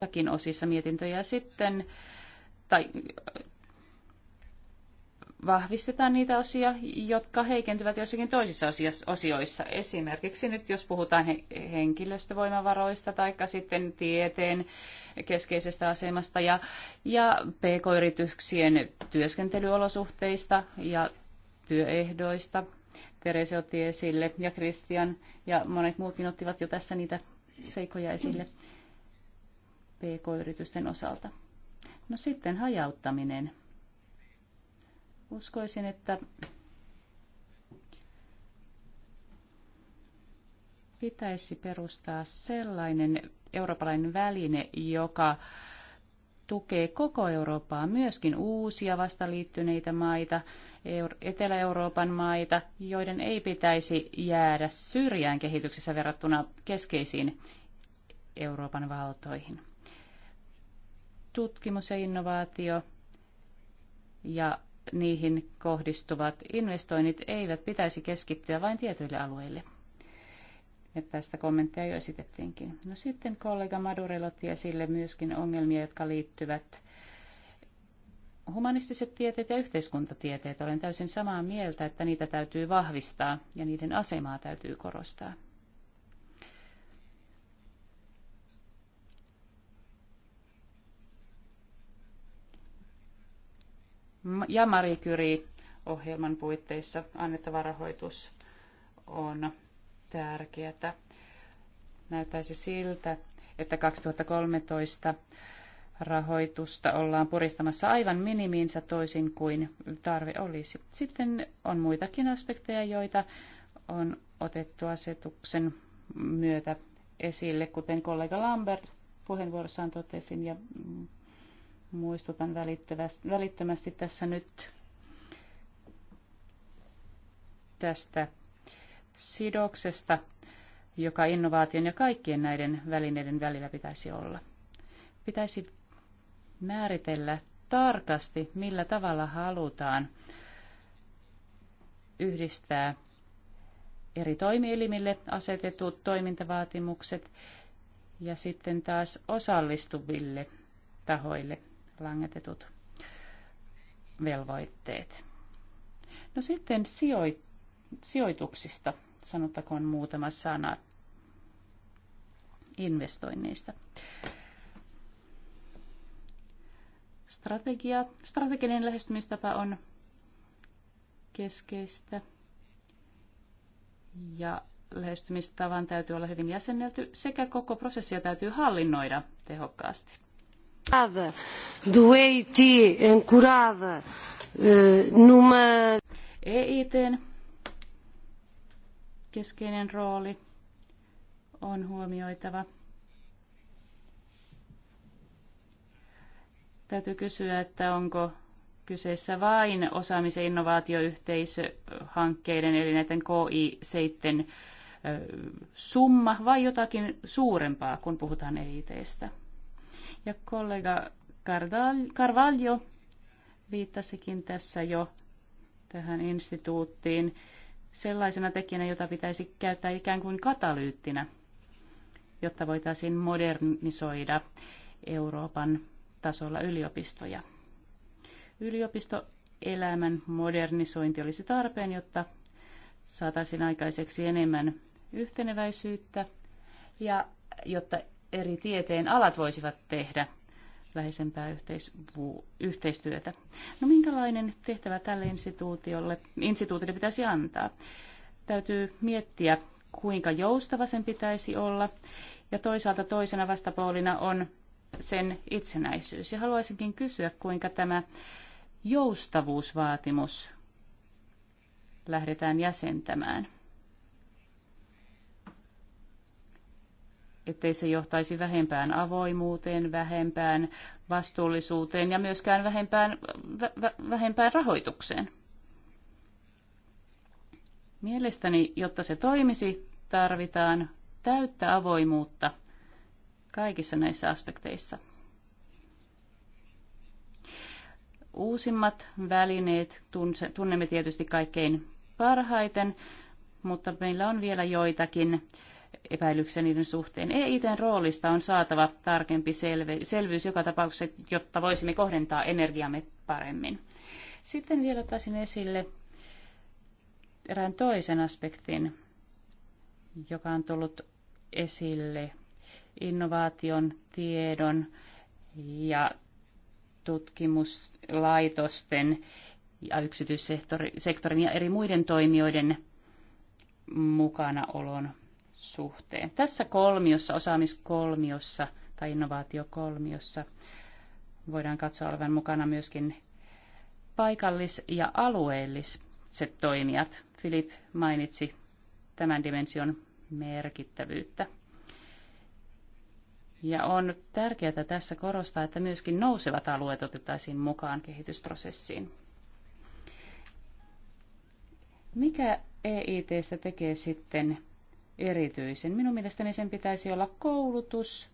jossakin osissa mietintöjä sitten, tai vahvistetaan niitä osia, jotka heikentyvät jossakin toisissa osioissa. Esimerkiksi nyt jos puhutaan henkilöstövoimavaroista tai sitten tieteen keskeisestä asemasta ja, ja pk-yrityksien työskentelyolosuhteista ja työehdoista. Terese otti esille ja Christian ja monet muutkin ottivat jo tässä niitä seikoja esille. Mm. PK-yritysten osalta. No sitten hajauttaminen. Uskoisin, että pitäisi perustaa sellainen eurooppalainen väline, joka tukee koko Eurooppaa, myöskin uusia vastaliittyneitä maita, Etelä-Euroopan maita, joiden ei pitäisi jäädä syrjään kehityksessä verrattuna keskeisiin Euroopan valtoihin tutkimus ja innovaatio ja niihin kohdistuvat investoinnit eivät pitäisi keskittyä vain tietyille alueille. Ja tästä kommentteja jo esitettiinkin. No sitten kollega Madurel otti esille myöskin ongelmia, jotka liittyvät humanistiset tieteet ja yhteiskuntatieteet. Olen täysin samaa mieltä, että niitä täytyy vahvistaa ja niiden asemaa täytyy korostaa. ja Marie Curie-ohjelman puitteissa annettava rahoitus on tärkeätä. Näyttäisi siltä, että 2013 rahoitusta ollaan puristamassa aivan minimiinsä toisin kuin tarve olisi. Sitten on muitakin aspekteja, joita on otettu asetuksen myötä esille, kuten kollega Lambert puheenvuorossaan totesin ja Muistutan välittömästi tässä nyt tästä sidoksesta, joka innovaation ja kaikkien näiden välineiden välillä pitäisi olla. Pitäisi määritellä tarkasti, millä tavalla halutaan yhdistää eri toimielimille asetetut toimintavaatimukset ja sitten taas osallistuville tahoille langetetut velvoitteet. No sitten sijoituksista sanottakoon muutama sana investoinneista. Strategia, strateginen lähestymistapa on keskeistä ja lähestymistavan täytyy olla hyvin jäsennelty sekä koko prosessia täytyy hallinnoida tehokkaasti do EIT ancorada eh, numa... EITn keskeinen rooli on huomioitava. Täytyy kysyä, että onko kyseessä vain osaamisen innovaatioyhteisöhankkeiden eli näiden ki 7 eh, summa vai jotakin suurempaa, kun puhutaan EITstä. Ja kollega Carvalho viittasikin tässä jo tähän instituuttiin sellaisena tekijänä, jota pitäisi käyttää ikään kuin katalyyttinä, jotta voitaisiin modernisoida Euroopan tasolla yliopistoja. Yliopistoelämän modernisointi olisi tarpeen, jotta saataisiin aikaiseksi enemmän yhteneväisyyttä ja jotta eri tieteen alat voisivat tehdä läheisempää yhteistyötä. No minkälainen tehtävä tälle instituutiolle, instituutille pitäisi antaa? Täytyy miettiä, kuinka joustava sen pitäisi olla. Ja toisaalta toisena vastapuolina on sen itsenäisyys. Ja haluaisinkin kysyä, kuinka tämä joustavuusvaatimus lähdetään jäsentämään. ettei se johtaisi vähempään avoimuuteen, vähempään vastuullisuuteen ja myöskään vähempään, vä, vähempään rahoitukseen. Mielestäni, jotta se toimisi, tarvitaan täyttä avoimuutta kaikissa näissä aspekteissa. Uusimmat välineet tunnemme tietysti kaikkein parhaiten, mutta meillä on vielä joitakin epäilyksiä niiden suhteen. EITn roolista on saatava tarkempi selvyys joka tapauksessa, jotta voisimme kohdentaa energiamme paremmin. Sitten vielä ottaisin esille erään toisen aspektin, joka on tullut esille innovaation, tiedon ja tutkimuslaitosten ja yksityissektorin ja eri muiden toimijoiden mukanaolon suhteen. Tässä kolmiossa, osaamiskolmiossa tai innovaatiokolmiossa voidaan katsoa olevan mukana myöskin paikallis- ja alueelliset toimijat. Filip mainitsi tämän dimension merkittävyyttä. Ja on tärkeää tässä korostaa, että myöskin nousevat alueet otettaisiin mukaan kehitysprosessiin. Mikä EITstä tekee sitten erityisen. Minun mielestäni sen pitäisi olla koulutus,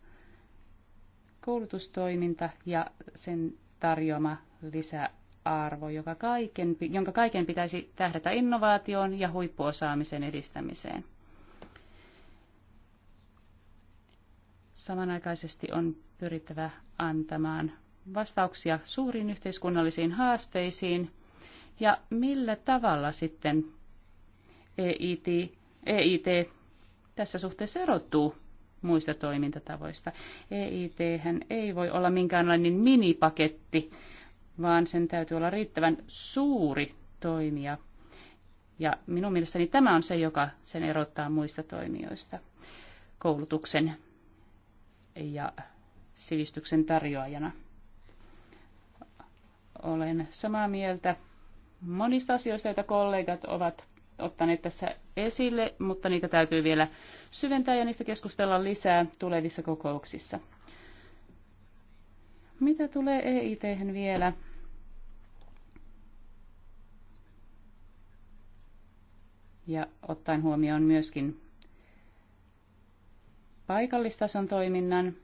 koulutustoiminta ja sen tarjoama lisäarvo, joka kaiken, jonka kaiken pitäisi tähdätä innovaatioon ja huippuosaamisen edistämiseen. Samanaikaisesti on pyrittävä antamaan vastauksia suuriin yhteiskunnallisiin haasteisiin ja millä tavalla sitten EIT, EIT tässä suhteessa erottuu muista toimintatavoista. EIT ei voi olla minkäänlainen minipaketti, vaan sen täytyy olla riittävän suuri toimija. Ja minun mielestäni tämä on se, joka sen erottaa muista toimijoista. Koulutuksen ja sivistyksen tarjoajana. Olen samaa mieltä monista asioista, joita kollegat ovat ottaneet tässä esille, mutta niitä täytyy vielä syventää ja niistä keskustella lisää tulevissa kokouksissa. Mitä tulee EIT vielä? Ja ottaen huomioon myöskin paikallistason toiminnan,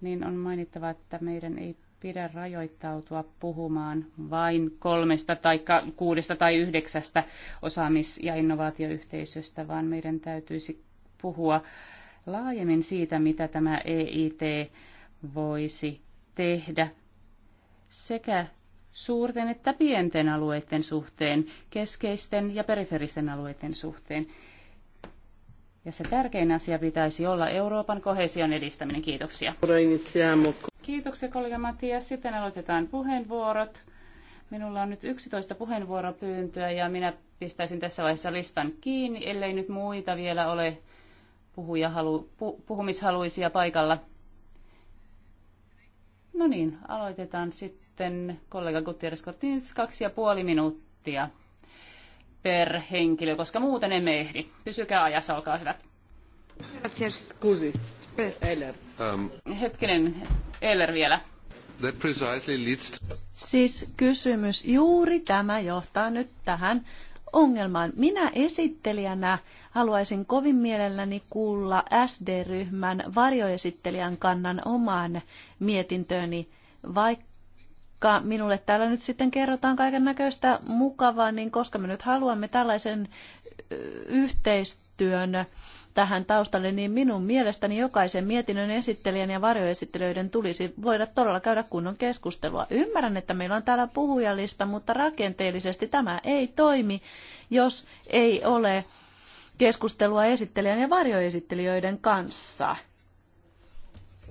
niin on mainittava, että meidän ei pidä rajoittautua puhumaan vain kolmesta tai kuudesta tai yhdeksästä osaamis- ja innovaatioyhteisöstä, vaan meidän täytyisi puhua laajemmin siitä, mitä tämä EIT voisi tehdä sekä suurten että pienten alueiden suhteen, keskeisten ja periferisten alueiden suhteen. Ja se tärkein asia pitäisi olla Euroopan kohesion edistäminen. Kiitoksia. Kiitoksia kollega Matias. Sitten aloitetaan puheenvuorot. Minulla on nyt 11 puheenvuoropyyntöä ja minä pistäisin tässä vaiheessa listan kiinni, ellei nyt muita vielä ole puhuja halu, pu, puhumishaluisia paikalla. No niin, aloitetaan sitten kollega Gutierrez Cortins, kaksi ja puoli minuuttia per henkilö, koska muuten emme ehdi. Pysykää ajassa, olkaa hyvä. Kiitos. Eller. Um, ähm, Hetkinen, Eller vielä. That precisely leads to... Siis kysymys, juuri tämä johtaa nyt tähän ongelmaan. Minä esittelijänä haluaisin kovin mielelläni kuulla SD-ryhmän varjoesittelijän kannan omaan mietintööni, vaikka minulle täällä nyt sitten kerrotaan kaiken näköistä mukavaa, niin koska me nyt haluamme tällaisen yhteistyön tähän taustalle, niin minun mielestäni jokaisen mietinnön esittelijän ja varjoesittelijöiden tulisi voida todella käydä kunnon keskustelua. Ymmärrän, että meillä on täällä puhujalista, mutta rakenteellisesti tämä ei toimi, jos ei ole keskustelua esittelijän ja varjoesittelijöiden kanssa.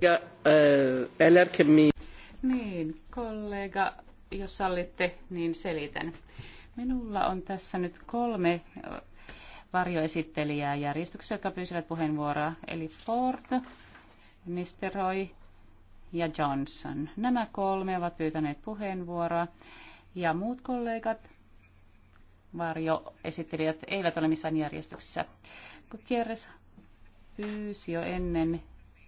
Ja, äh, niin, kollega, jos sallitte, niin selitän. Minulla on tässä nyt kolme varjoesittelijää järjestyksessä, jotka pyysivät puheenvuoroa, eli Ford, Roy ja Johnson. Nämä kolme ovat pyytäneet puheenvuoroa ja muut kollegat, varjoesittelijät, eivät ole missään järjestyksessä. Gutierrez pyysi jo ennen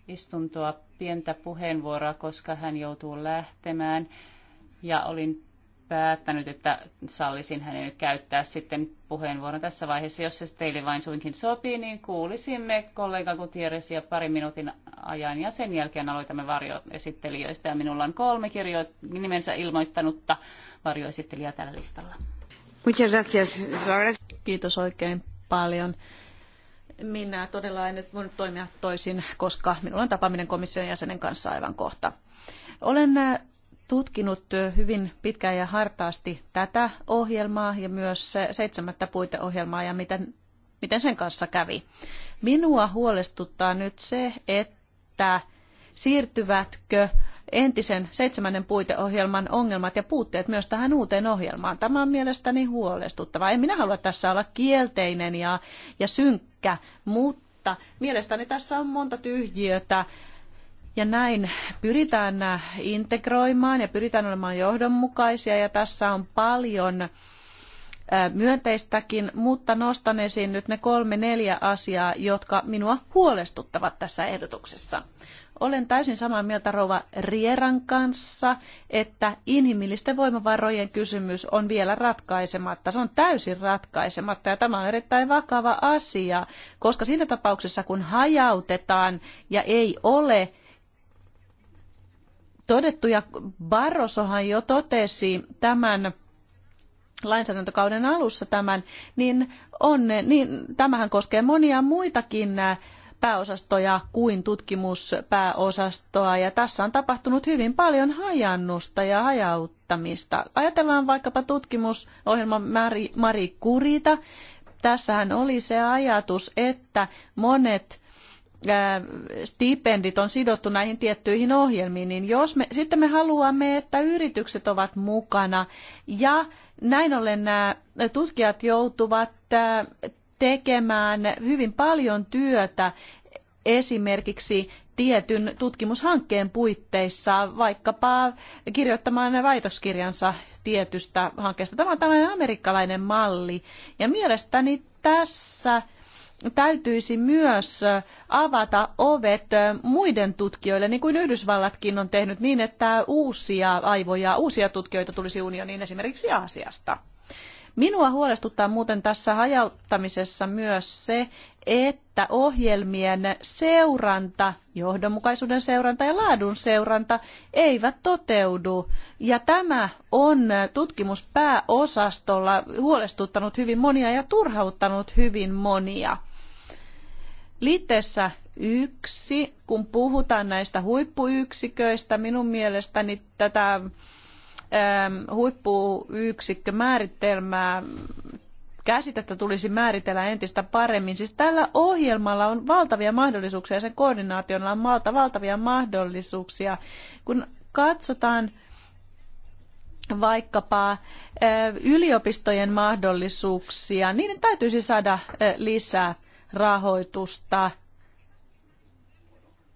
istuntoa pientä puheenvuoroa, koska hän joutuu lähtemään ja olin päättänyt, että sallisin hänen nyt käyttää sitten puheenvuoron tässä vaiheessa. Jos se teille vain suinkin sopii, niin kuulisimme kollega Gutierrezia pari minuutin ajan ja sen jälkeen aloitamme varjoesittelijöistä. Ja minulla on kolme kirjo- nimensä ilmoittanutta varjoesittelijää tällä listalla. Kiitos oikein paljon. Minä todella en nyt voinut toimia toisin, koska minulla on tapaaminen komission jäsenen kanssa aivan kohta. Olen tutkinut hyvin pitkään ja hartaasti tätä ohjelmaa ja myös seitsemättä puiteohjelmaa ja miten, miten sen kanssa kävi. Minua huolestuttaa nyt se, että siirtyvätkö entisen seitsemännen puiteohjelman ongelmat ja puutteet myös tähän uuteen ohjelmaan. Tämä on mielestäni huolestuttavaa. En minä halua tässä olla kielteinen ja, ja synkkä, mutta mielestäni tässä on monta tyhjiötä ja näin pyritään integroimaan ja pyritään olemaan johdonmukaisia ja tässä on paljon myönteistäkin, mutta nostan esiin nyt ne kolme neljä asiaa, jotka minua huolestuttavat tässä ehdotuksessa. Olen täysin samaa mieltä Rova Rieran kanssa, että inhimillisten voimavarojen kysymys on vielä ratkaisematta. Se on täysin ratkaisematta ja tämä on erittäin vakava asia, koska siinä tapauksessa kun hajautetaan ja ei ole todettu, ja Barrosohan jo totesi tämän lainsäädäntökauden alussa tämän, niin, on, niin tämähän koskee monia muitakin äh, pääosastoja kuin tutkimuspääosastoa ja tässä on tapahtunut hyvin paljon hajannusta ja hajauttamista. Ajatellaan vaikkapa tutkimusohjelma Mari, Mari Kurita. Tässähän oli se ajatus, että monet Äh, stipendit on sidottu näihin tiettyihin ohjelmiin, niin jos me, sitten me haluamme, että yritykset ovat mukana ja näin ollen nämä äh, tutkijat joutuvat äh, tekemään hyvin paljon työtä esimerkiksi tietyn tutkimushankkeen puitteissa, vaikkapa kirjoittamaan väitöskirjansa tietystä hankkeesta. Tämä on tällainen amerikkalainen malli ja mielestäni tässä – täytyisi myös avata ovet muiden tutkijoille, niin kuin Yhdysvallatkin on tehnyt, niin että uusia aivoja, uusia tutkijoita tulisi unioniin esimerkiksi Aasiasta. Minua huolestuttaa muuten tässä hajauttamisessa myös se, että ohjelmien seuranta, johdonmukaisuuden seuranta ja laadun seuranta eivät toteudu. Ja tämä on tutkimuspääosastolla huolestuttanut hyvin monia ja turhauttanut hyvin monia. Liitteessä yksi, kun puhutaan näistä huippuyksiköistä, minun mielestäni tätä Ehm, huippuyksikkömääritelmää käsitettä tulisi määritellä entistä paremmin. Siis tällä ohjelmalla on valtavia mahdollisuuksia, sen koordinaatiolla on valta, valtavia mahdollisuuksia. Kun katsotaan vaikkapa eh, yliopistojen mahdollisuuksia, niiden täytyisi saada eh, lisää rahoitusta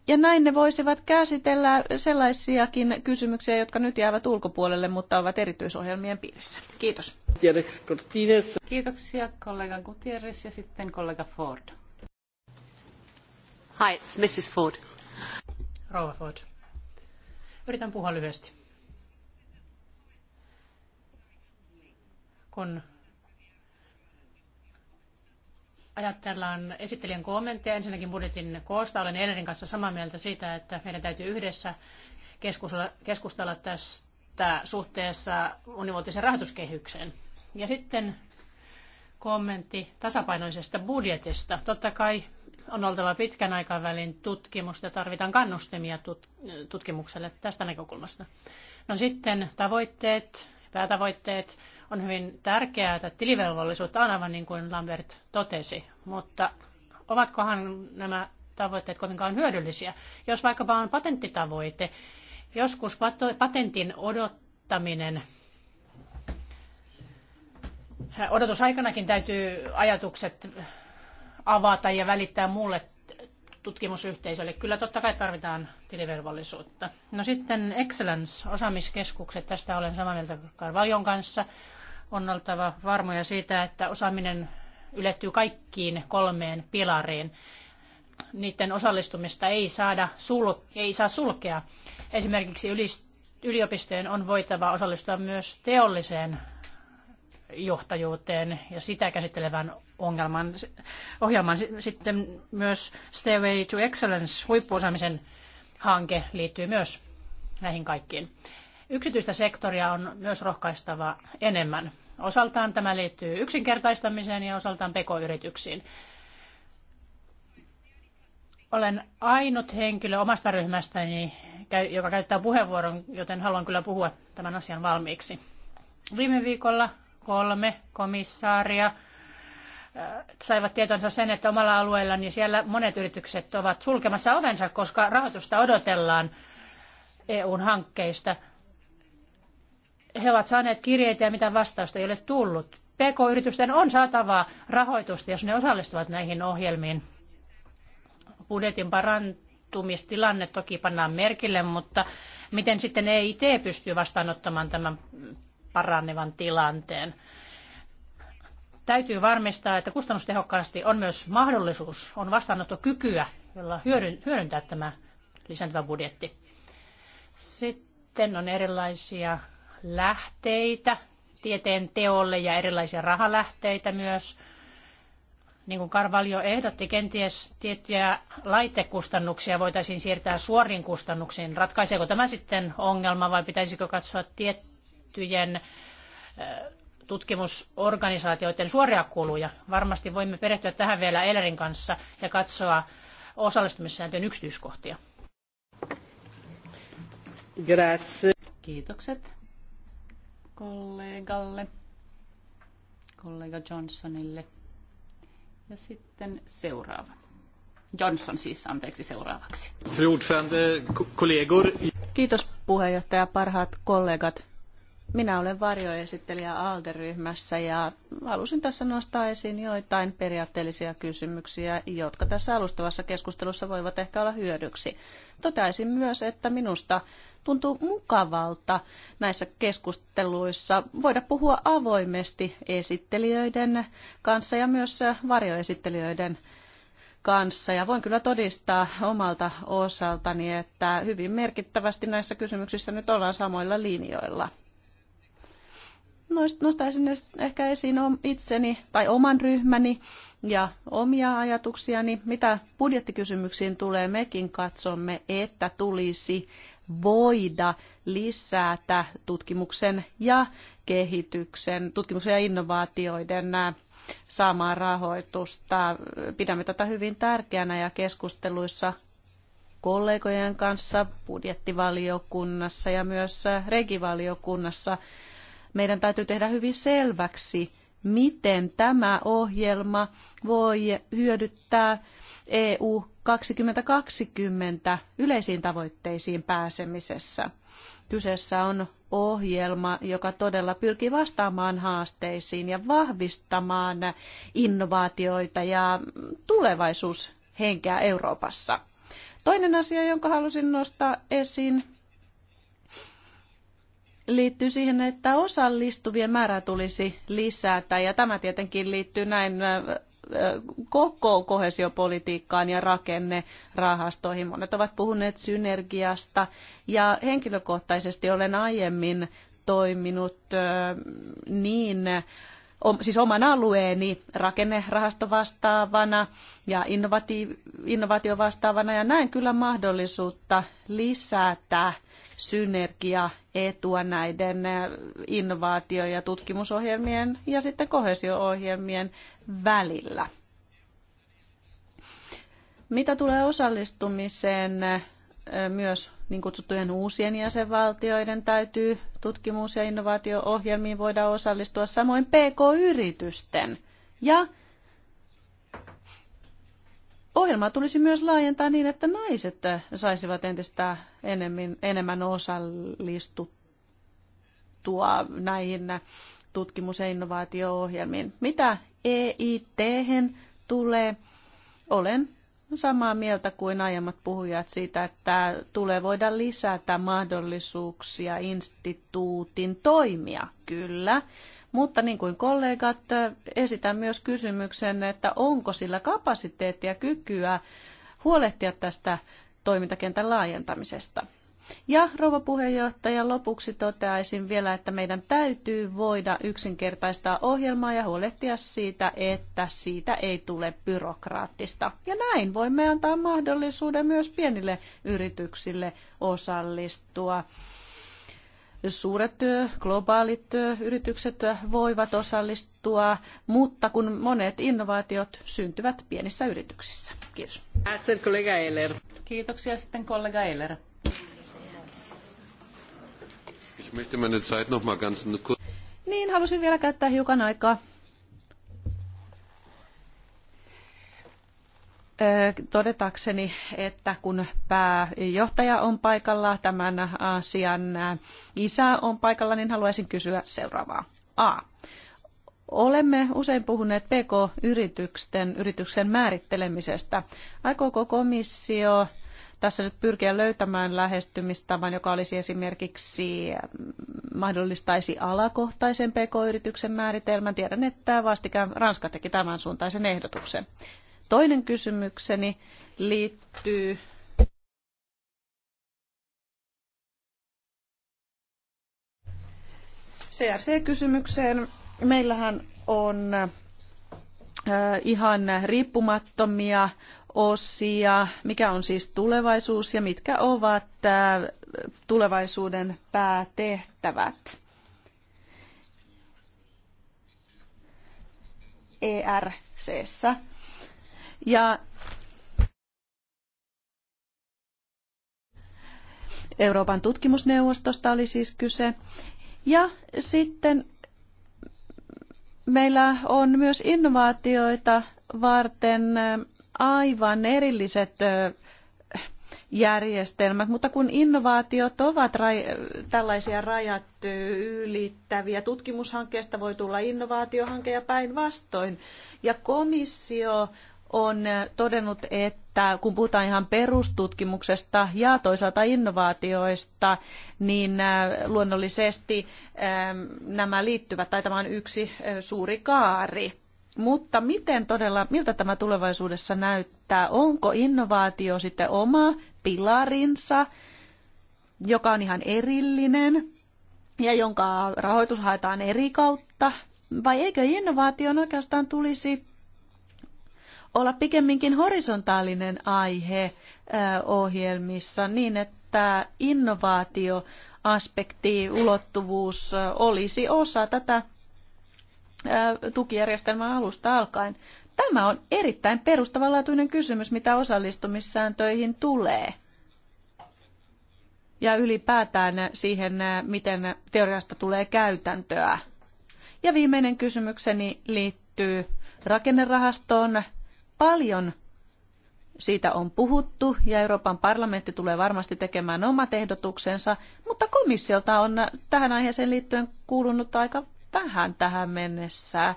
ja näin ne voisivat käsitellä sellaisiakin kysymyksiä, jotka nyt jäävät ulkopuolelle, mutta ovat erityisohjelmien piirissä. Kiitos. Kiitoksia kollega Gutierrez ja sitten kollega Ford. Hi, it's Mrs. Ford. Rova Ford. Yritän puhua lyhyesti. Kun ajatellaan esittelijän kommentteja, ensinnäkin budjetin koosta, olen Ellerin kanssa samaa mieltä siitä, että meidän täytyy yhdessä keskustella tästä suhteessa monivuotisen rahoituskehykseen. Ja sitten kommentti tasapainoisesta budjetista. Totta kai on oltava pitkän aikavälin tutkimusta ja tarvitaan kannustimia tutkimukselle tästä näkökulmasta. No sitten tavoitteet, päätavoitteet. On hyvin tärkeää, että tilivelvollisuutta on aivan niin kuin Lambert totesi, mutta ovatkohan nämä tavoitteet kovinkaan hyödyllisiä? Jos vaikkapa on patenttitavoite, joskus patentin odottaminen odotusaikanakin täytyy ajatukset avata ja välittää muulle tutkimusyhteisölle. Kyllä totta kai tarvitaan tilivelvollisuutta. No sitten Excellence, osaamiskeskukset, tästä olen samaa mieltä Karvaljon kanssa. On oltava varmoja siitä, että osaaminen ylettyy kaikkiin kolmeen pilariin. Niiden osallistumista ei, saada sul, ei saa sulkea. Esimerkiksi yliopistojen on voitava osallistua myös teolliseen johtajuuteen ja sitä käsittelevän ongelman, ohjelman. Sitten myös Stairway to Excellence, huippuosaamisen hanke liittyy myös näihin kaikkiin. Yksityistä sektoria on myös rohkaistava enemmän. Osaltaan tämä liittyy yksinkertaistamiseen ja osaltaan pekoyrityksiin. Olen ainut henkilö omasta ryhmästäni, joka käyttää puheenvuoron, joten haluan kyllä puhua tämän asian valmiiksi. Viime viikolla kolme komissaaria äh, saivat tietonsa sen, että omalla alueella niin siellä monet yritykset ovat sulkemassa ovensa, koska rahoitusta odotellaan eu hankkeista. He ovat saaneet kirjeitä ja mitä vastausta ei ole tullut. PK-yritysten on saatava rahoitusta, jos ne osallistuvat näihin ohjelmiin. Budjetin parantumistilanne toki pannaan merkille, mutta miten sitten EIT pystyy vastaanottamaan tämän paranevan tilanteen. Täytyy varmistaa, että kustannustehokkaasti on myös mahdollisuus, on vastaanottokykyä, jolla hyödyntää tämä lisääntyvä budjetti. Sitten on erilaisia lähteitä tieteen teolle ja erilaisia rahalähteitä myös niin kuin Carvalho ehdotti, kenties tiettyjä laitekustannuksia voitaisiin siirtää suoriin kustannuksiin. Ratkaiseeko tämä sitten ongelma vai pitäisikö katsoa tiet, tiettyjen tutkimusorganisaatioiden suoria kuluja. Varmasti voimme perehtyä tähän vielä Ellerin kanssa ja katsoa osallistumissääntöjen yksityiskohtia. Grazie. Kiitokset kollegalle, kollega Johnsonille. Ja sitten seuraava. Johnson siis, anteeksi, seuraavaksi. kollegor. Kiitos puheenjohtaja, parhaat kollegat. Minä olen varjoesittelijä ALDE-ryhmässä ja halusin tässä nostaa esiin joitain periaatteellisia kysymyksiä, jotka tässä alustavassa keskustelussa voivat ehkä olla hyödyksi. Toteaisin myös, että minusta tuntuu mukavalta näissä keskusteluissa voida puhua avoimesti esittelijöiden kanssa ja myös varjoesittelijöiden kanssa. Ja voin kyllä todistaa omalta osaltani, että hyvin merkittävästi näissä kysymyksissä nyt ollaan samoilla linjoilla nostaisin ehkä esiin itseni tai oman ryhmäni ja omia ajatuksiani. Mitä budjettikysymyksiin tulee, mekin katsomme, että tulisi voida lisätä tutkimuksen ja kehityksen, tutkimuksen ja innovaatioiden saamaa rahoitusta. Pidämme tätä hyvin tärkeänä ja keskusteluissa kollegojen kanssa budjettivaliokunnassa ja myös regivaliokunnassa meidän täytyy tehdä hyvin selväksi, miten tämä ohjelma voi hyödyttää EU 2020 yleisiin tavoitteisiin pääsemisessä. Kyseessä on ohjelma, joka todella pyrkii vastaamaan haasteisiin ja vahvistamaan innovaatioita ja tulevaisuushenkeä Euroopassa. Toinen asia, jonka halusin nostaa esiin, liittyy siihen, että osallistuvien määrää tulisi lisätä ja tämä tietenkin liittyy näin koko kohesiopolitiikkaan ja rakennerahastoihin. Monet ovat puhuneet synergiasta ja henkilökohtaisesti olen aiemmin toiminut niin siis oman alueeni rakennerahastovastaavana ja innovaatiovastaavana ja näen kyllä mahdollisuutta lisätä synergiaetua näiden innovaatio- ja tutkimusohjelmien ja sitten kohesio-ohjelmien välillä. Mitä tulee osallistumiseen myös niin kutsuttujen uusien jäsenvaltioiden täytyy tutkimus- ja innovaatio-ohjelmiin voida osallistua, samoin PK-yritysten. Ja ohjelmaa tulisi myös laajentaa niin, että naiset saisivat entistä enemmän, enemmän osallistua näihin tutkimus- ja innovaatio-ohjelmiin. Mitä EIT tulee? Olen samaa mieltä kuin aiemmat puhujat siitä, että tulee voida lisätä mahdollisuuksia instituutin toimia, kyllä. Mutta niin kuin kollegat, esitän myös kysymyksen, että onko sillä kapasiteettia ja kykyä huolehtia tästä toimintakentän laajentamisesta. Ja rouva puheenjohtaja, lopuksi toteaisin vielä, että meidän täytyy voida yksinkertaistaa ohjelmaa ja huolehtia siitä, että siitä ei tule byrokraattista. Ja näin voimme antaa mahdollisuuden myös pienille yrityksille osallistua suuret globaalit yritykset voivat osallistua, mutta kun monet innovaatiot syntyvät pienissä yrityksissä. Kiitos. Kiitoksia sitten kollega Eller. Ich möchte meine Zeit noch mal ganz kurz... Niin, halusin vielä käyttää hiukan aikaa. todetakseni, että kun pääjohtaja on paikalla, tämän asian isä on paikalla, niin haluaisin kysyä seuraavaa. A. Olemme usein puhuneet PK-yritysten yrityksen määrittelemisestä. Aikooko komissio tässä nyt pyrkiä löytämään lähestymistavan, joka olisi esimerkiksi mm, mahdollistaisi alakohtaisen pk-yrityksen määritelmän. Tiedän, että vastikään Ranska teki tämän suuntaisen ehdotuksen. Toinen kysymykseni liittyy CRC-kysymykseen. Meillähän on äh, ihan riippumattomia osia, mikä on siis tulevaisuus ja mitkä ovat äh, tulevaisuuden päätehtävät. erc Ja Euroopan tutkimusneuvostosta oli siis kyse. Ja sitten meillä on myös innovaatioita varten aivan erilliset järjestelmät, mutta kun innovaatiot ovat raj- tällaisia rajat ylittäviä, tutkimushankkeesta voi tulla innovaatiohanke ja päinvastoin. Ja komissio on todennut, että kun puhutaan ihan perustutkimuksesta ja toisaalta innovaatioista, niin luonnollisesti nämä liittyvät, tai tämä on yksi suuri kaari. Mutta miten todella, miltä tämä tulevaisuudessa näyttää? Onko innovaatio sitten oma pilarinsa, joka on ihan erillinen ja jonka rahoitus haetaan eri kautta? Vai eikö innovaation oikeastaan tulisi olla pikemminkin horisontaalinen aihe ohjelmissa niin, että innovaatio aspekti, ulottuvuus olisi osa tätä tukijärjestelmän alusta alkaen. Tämä on erittäin perustavanlaatuinen kysymys, mitä osallistumissääntöihin tulee. Ja ylipäätään siihen, miten teoriasta tulee käytäntöä. Ja viimeinen kysymykseni liittyy rakennerahastoon. Paljon siitä on puhuttu ja Euroopan parlamentti tulee varmasti tekemään omat ehdotuksensa, mutta komissiolta on tähän aiheeseen liittyen kuulunut aika tähän tähän mennessä.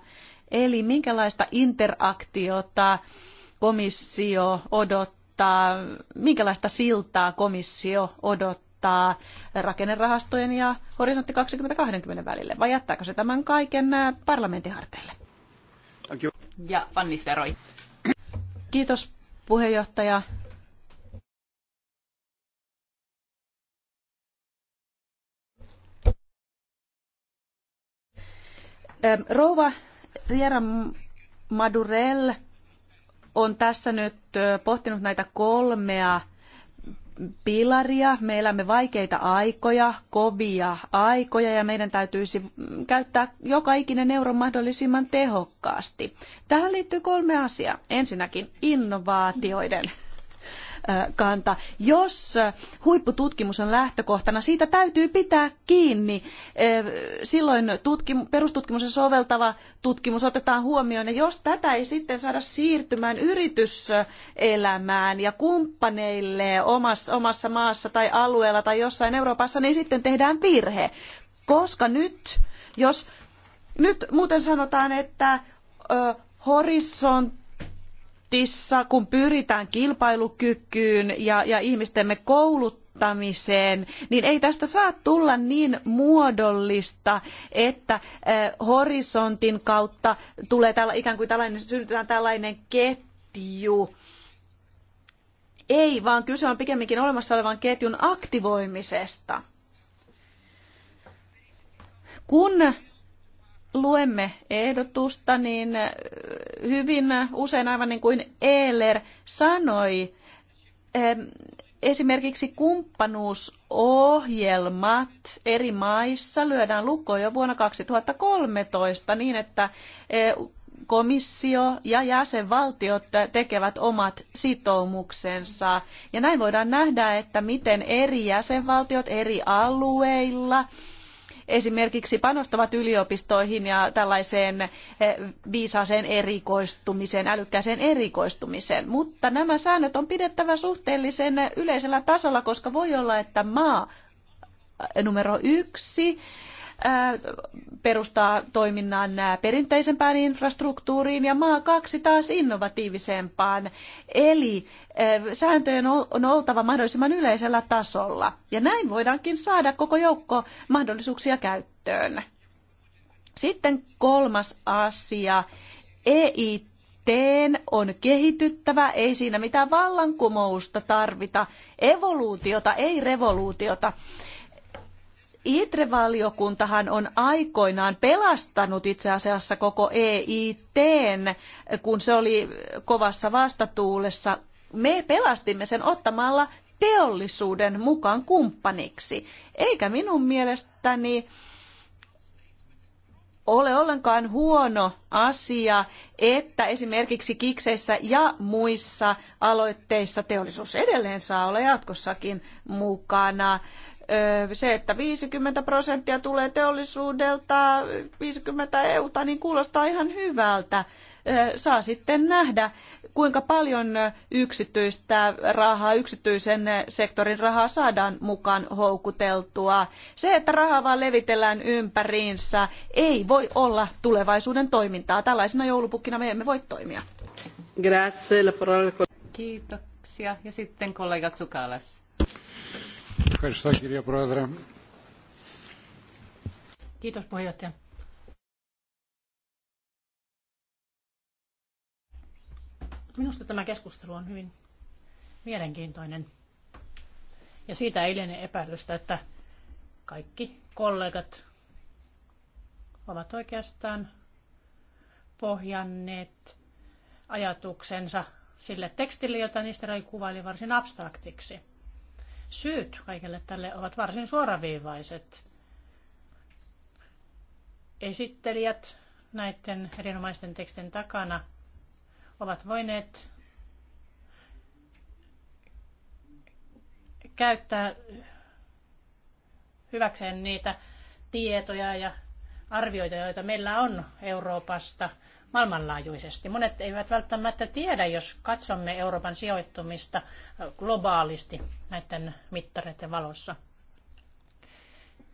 Eli minkälaista interaktiota komissio odottaa, minkälaista siltaa komissio odottaa rakennerahastojen ja horisontti 2020 välille, vai jättääkö se tämän kaiken parlamentin harteille? Ja Van Kiitos puheenjohtaja. Rouva Riera Madurell on tässä nyt pohtinut näitä kolmea pilaria. Me elämme vaikeita aikoja, kovia aikoja ja meidän täytyisi käyttää joka ikinen euro mahdollisimman tehokkaasti. Tähän liittyy kolme asiaa. Ensinnäkin innovaatioiden kanta. Jos huippututkimus on lähtökohtana, siitä täytyy pitää kiinni. Silloin tutkim- soveltava tutkimus otetaan huomioon. Ja jos tätä ei sitten saada siirtymään yrityselämään ja kumppaneille omassa, omassa maassa tai alueella tai jossain Euroopassa, niin sitten tehdään virhe. Koska nyt, jos nyt muuten sanotaan, että ö, horisontti budjetissa kun pyritään kilpailukykyyn ja, ja ihmistemme kouluttamiseen, niin ei tästä saa tulla niin muodollista, että horisontin kautta tulee tällä, ikään kuin tällainen, synnytetään tällainen ketju. Ei, vaan kyse on pikemminkin olemassa olevan ketjun aktivoimisesta. Kun luemme ehdotusta, niin hyvin usein, aivan niin kuin Eeler sanoi, esimerkiksi kumppanuusohjelmat eri maissa lyödään lukkoon jo vuonna 2013 niin, että komissio ja jäsenvaltiot tekevät omat sitoumuksensa. Ja näin voidaan nähdä, että miten eri jäsenvaltiot eri alueilla – esimerkiksi panostavat yliopistoihin ja tällaiseen eh, viisaaseen erikoistumiseen, älykkääseen erikoistumiseen. Mutta nämä säännöt on pidettävä suhteellisen yleisellä tasolla, koska voi olla, että maa eh, numero yksi perustaa toiminnan perinteisempään infrastruktuuriin ja maa kaksi taas innovatiivisempaan. Eli sääntöjen on oltava mahdollisimman yleisellä tasolla. Ja näin voidaankin saada koko joukko mahdollisuuksia käyttöön. Sitten kolmas asia. EIT teen on kehityttävä, ei siinä mitään vallankumousta tarvita, evoluutiota, ei revoluutiota. ITRE-valiokuntahan on aikoinaan pelastanut itse asiassa koko EIT, kun se oli kovassa vastatuulessa. Me pelastimme sen ottamalla teollisuuden mukaan kumppaniksi. Eikä minun mielestäni ole ollenkaan huono asia, että esimerkiksi kikseissä ja muissa aloitteissa teollisuus edelleen saa olla jatkossakin mukana se, että 50 prosenttia tulee teollisuudelta, 50 EUta, niin kuulostaa ihan hyvältä. Saa sitten nähdä, kuinka paljon yksityistä rahaa, yksityisen sektorin rahaa saadaan mukaan houkuteltua. Se, että rahaa vaan levitellään ympäriinsä, ei voi olla tulevaisuuden toimintaa. Tällaisena joulupukkina me emme voi toimia. Kiitoksia. Ja sitten kollega Tsukalas. Kiitos puheenjohtaja. Minusta tämä keskustelu on hyvin mielenkiintoinen. Ja siitä ei liene epäilystä, että kaikki kollegat ovat oikeastaan pohjanneet ajatuksensa sille tekstille, jota Nisteroi kuvaili varsin abstraktiksi. Syyt kaikelle tälle ovat varsin suoraviivaiset. Esittelijät näiden erinomaisten teksten takana ovat voineet käyttää hyväkseen niitä tietoja ja arvioita, joita meillä on Euroopasta – maailmanlaajuisesti. Monet eivät välttämättä tiedä, jos katsomme Euroopan sijoittumista globaalisti näiden mittareiden valossa.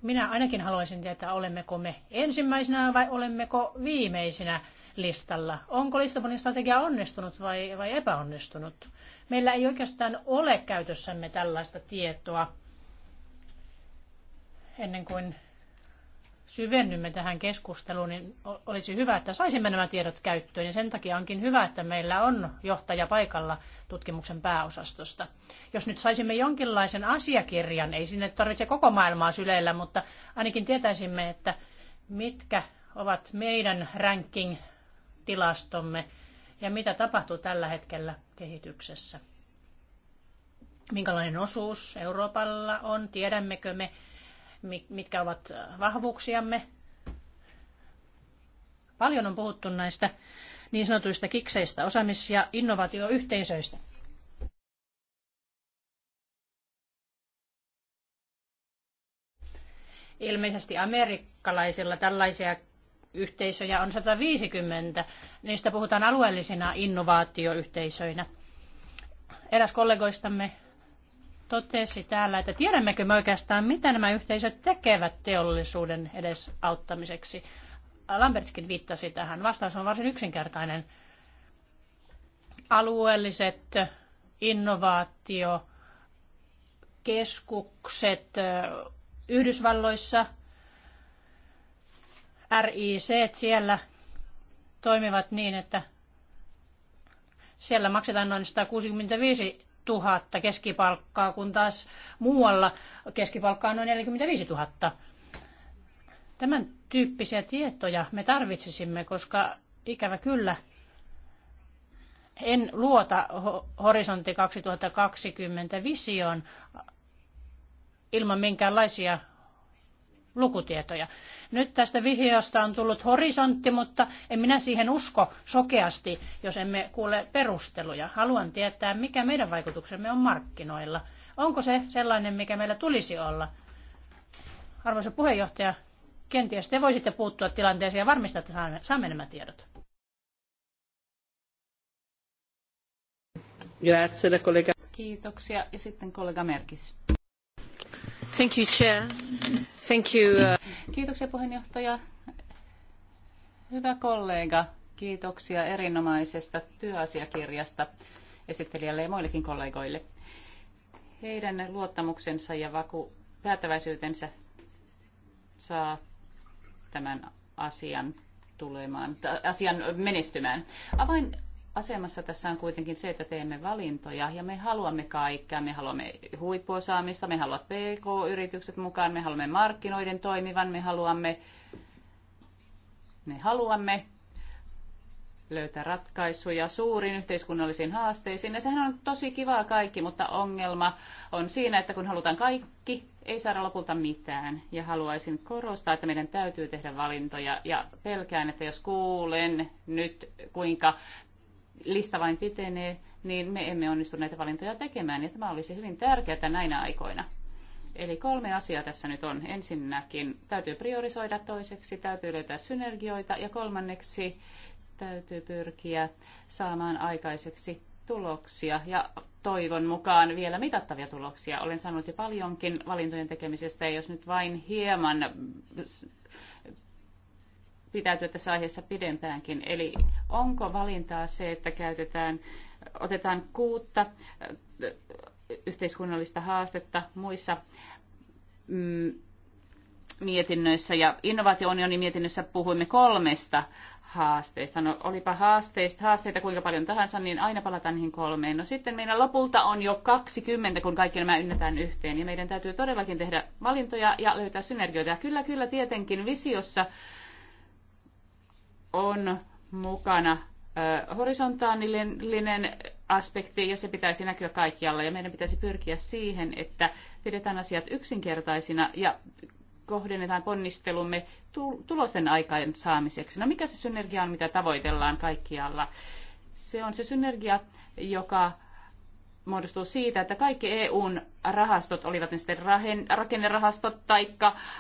Minä ainakin haluaisin tietää, olemmeko me ensimmäisenä vai olemmeko viimeisinä listalla. Onko Lissabonin strategia onnistunut vai, vai epäonnistunut? Meillä ei oikeastaan ole käytössämme tällaista tietoa ennen kuin syvennymme tähän keskusteluun, niin olisi hyvä, että saisimme nämä tiedot käyttöön. Ja sen takia onkin hyvä, että meillä on johtaja paikalla tutkimuksen pääosastosta. Jos nyt saisimme jonkinlaisen asiakirjan, ei sinne tarvitse koko maailmaa syleillä, mutta ainakin tietäisimme, että mitkä ovat meidän ranking-tilastomme ja mitä tapahtuu tällä hetkellä kehityksessä. Minkälainen osuus Euroopalla on, tiedämmekö me, mitkä ovat äh, vahvuuksiamme. Paljon on puhuttu näistä niin sanotuista kikseistä, osaamis- ja innovaatioyhteisöistä. Ilmeisesti amerikkalaisilla tällaisia yhteisöjä on 150. Niistä puhutaan alueellisina innovaatioyhteisöinä. Eräs kollegoistamme totesi täällä, että tiedämmekö me oikeastaan, mitä nämä yhteisöt tekevät teollisuuden edes auttamiseksi. Lambertskin viittasi tähän. Vastaus on varsin yksinkertainen. Alueelliset innovaatiokeskukset Yhdysvalloissa, RIC siellä toimivat niin, että siellä maksetaan noin 165 000 keskipalkkaa, kun taas muualla keskipalkka on noin 45 000. Tämän tyyppisiä tietoja me tarvitsisimme, koska ikävä kyllä en luota Horisontti 2020 visioon ilman minkäänlaisia lukutietoja. Nyt tästä visiosta on tullut horisontti, mutta en minä siihen usko sokeasti, jos emme kuule perusteluja. Haluan tietää, mikä meidän vaikutuksemme on markkinoilla. Onko se sellainen, mikä meillä tulisi olla? Arvoisa puheenjohtaja, kenties te voisitte puuttua tilanteeseen ja varmistaa, että saamme nämä tiedot. Kiitoksia. Ja sitten kollega Merkis. Thank you, Chair. Thank you. Uh, kiitoksia puheenjohtaja. Hyvä kollega, kiitoksia erinomaisesta työasiakirjasta esittelijälle ja muillekin kollegoille. Heidän luottamuksensa ja vaku- päättäväisyytensä saa tämän asian tulemaan, asian menestymään. Avain asemassa tässä on kuitenkin se, että teemme valintoja ja me haluamme kaikkea. Me haluamme huippuosaamista, me haluamme PK-yritykset mukaan, me haluamme markkinoiden toimivan, me haluamme, me haluamme löytää ratkaisuja suuriin yhteiskunnallisiin haasteisiin. Ja sehän on tosi kivaa kaikki, mutta ongelma on siinä, että kun halutaan kaikki, ei saada lopulta mitään. Ja haluaisin korostaa, että meidän täytyy tehdä valintoja. Ja pelkään, että jos kuulen nyt, kuinka lista vain pitenee, niin me emme onnistu näitä valintoja tekemään. Ja tämä olisi hyvin tärkeää näinä aikoina. Eli kolme asiaa tässä nyt on. Ensinnäkin täytyy priorisoida, toiseksi täytyy löytää synergioita ja kolmanneksi täytyy pyrkiä saamaan aikaiseksi tuloksia ja toivon mukaan vielä mitattavia tuloksia. Olen sanonut jo paljonkin valintojen tekemisestä ja jos nyt vain hieman pitäytyä tässä aiheessa pidempäänkin. Eli onko valintaa se, että käytetään, otetaan kuutta eh, yhteiskunnallista haastetta muissa mm, mietinnöissä ja innovaatiounionin mietinnössä puhuimme kolmesta haasteista. No olipa haasteista, haasteita kuinka paljon tahansa, niin aina palataan niihin kolmeen. No sitten meillä lopulta on jo 20, kun kaikki nämä ynnätään yhteen. Ja meidän täytyy todellakin tehdä valintoja ja löytää synergioita. Ja kyllä, kyllä tietenkin visiossa on mukana horisontaalinen aspekti ja se pitäisi näkyä kaikkialla ja meidän pitäisi pyrkiä siihen, että pidetään asiat yksinkertaisina ja kohdennetaan ponnistelumme tulosten aikaan saamiseksi. No mikä se synergia on, mitä tavoitellaan kaikkialla? Se on se synergia, joka muodostuu siitä, että kaikki EUn rahastot, olivat ne sitten rakennerahastot tai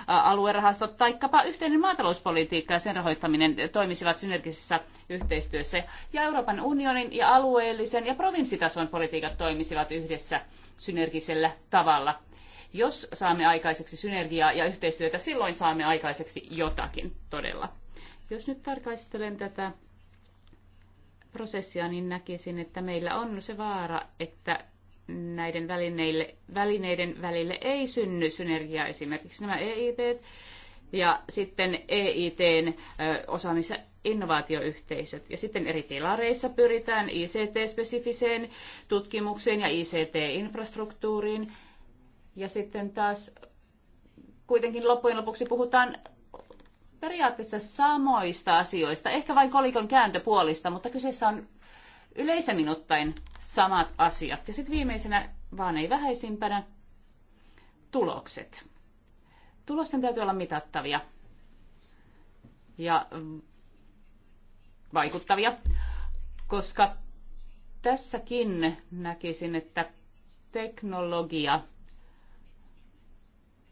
aluerahastot tai yhteinen maatalouspolitiikka ja sen rahoittaminen toimisivat synergisessä yhteistyössä. Ja Euroopan unionin ja alueellisen ja provinssitason politiikat toimisivat yhdessä synergisellä tavalla. Jos saamme aikaiseksi synergiaa ja yhteistyötä, silloin saamme aikaiseksi jotakin todella. Jos nyt tarkastelen tätä prosessia, niin näkisin, että meillä on se vaara, että näiden välineille, välineiden välille ei synny synergiaa. Esimerkiksi nämä EIT ja sitten EITn osaamis- ja innovaatioyhteisöt. Ja sitten eri tilareissa pyritään ICT-spesifiseen tutkimukseen ja ICT-infrastruktuuriin. Ja sitten taas kuitenkin loppujen lopuksi puhutaan periaatteessa samoista asioista, ehkä vain kolikon kääntöpuolista, mutta kyseessä on yleisemmin ottaen samat asiat. Ja sitten viimeisenä, vaan ei vähäisimpänä, tulokset. Tulosten täytyy olla mitattavia ja vaikuttavia, koska tässäkin näkisin, että teknologia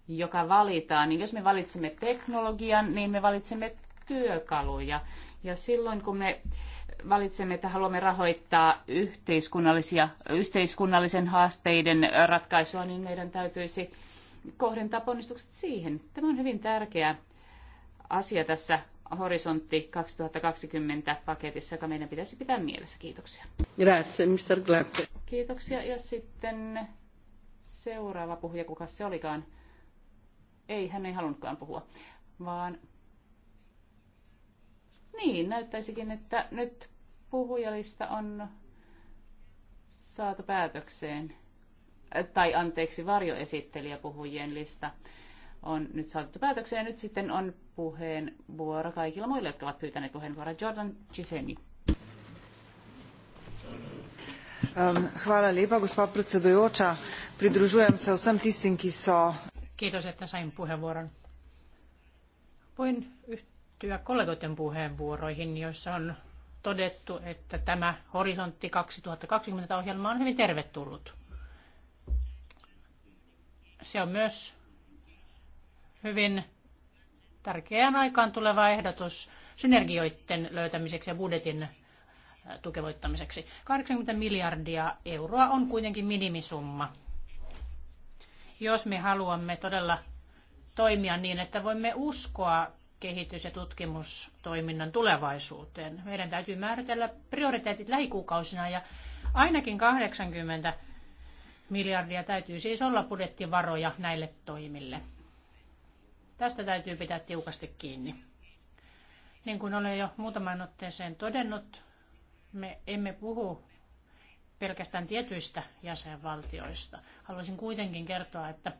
joka valitaan, niin jos me valitsemme teknologian, niin me valitsemme työkaluja. Ja silloin kun me valitsemme, että haluamme rahoittaa yhteiskunnallisia, yhteiskunnallisen haasteiden ratkaisua, niin meidän täytyisi kohdentaa ponnistukset siihen. Tämä on hyvin tärkeä asia tässä Horisontti 2020 paketissa, joka meidän pitäisi pitää mielessä. Kiitoksia. Grazie, Mr. Glatte. Kiitoksia. Ja sitten seuraava puhuja, kuka se olikaan? Ei, hän ei halunnutkaan puhua, vaan... Niin, näyttäisikin, että nyt puhujalista on saatu päätökseen. Äh, tai anteeksi, varjoesittelijäpuhujien lista on nyt saatu päätökseen. Nyt sitten on puheenvuoro kaikilla muille, jotka ovat pyytäneet puheenvuoroa. Jordan Chiseni. Ehm, hvala lepa, gospod predsedujoča. Pridružujem se vsem tistim, ki so Kiitos, että sain puheenvuoron. Voin yhtyä kollegoiden puheenvuoroihin, joissa on todettu, että tämä Horisontti 2020-ohjelma on hyvin tervetullut. Se on myös hyvin tärkeän aikaan tuleva ehdotus synergioiden löytämiseksi ja budjetin äh, tukevoittamiseksi. 80 miljardia euroa on kuitenkin minimisumma jos me haluamme todella toimia niin, että voimme uskoa kehitys- ja tutkimustoiminnan tulevaisuuteen. Meidän täytyy määritellä prioriteetit lähikuukausina ja ainakin 80 miljardia täytyy siis olla budjettivaroja näille toimille. Tästä täytyy pitää tiukasti kiinni. Niin kuin olen jo muutaman otteeseen todennut, me emme puhu pelkästään tietyistä jäsenvaltioista. Haluaisin kuitenkin kertoa, että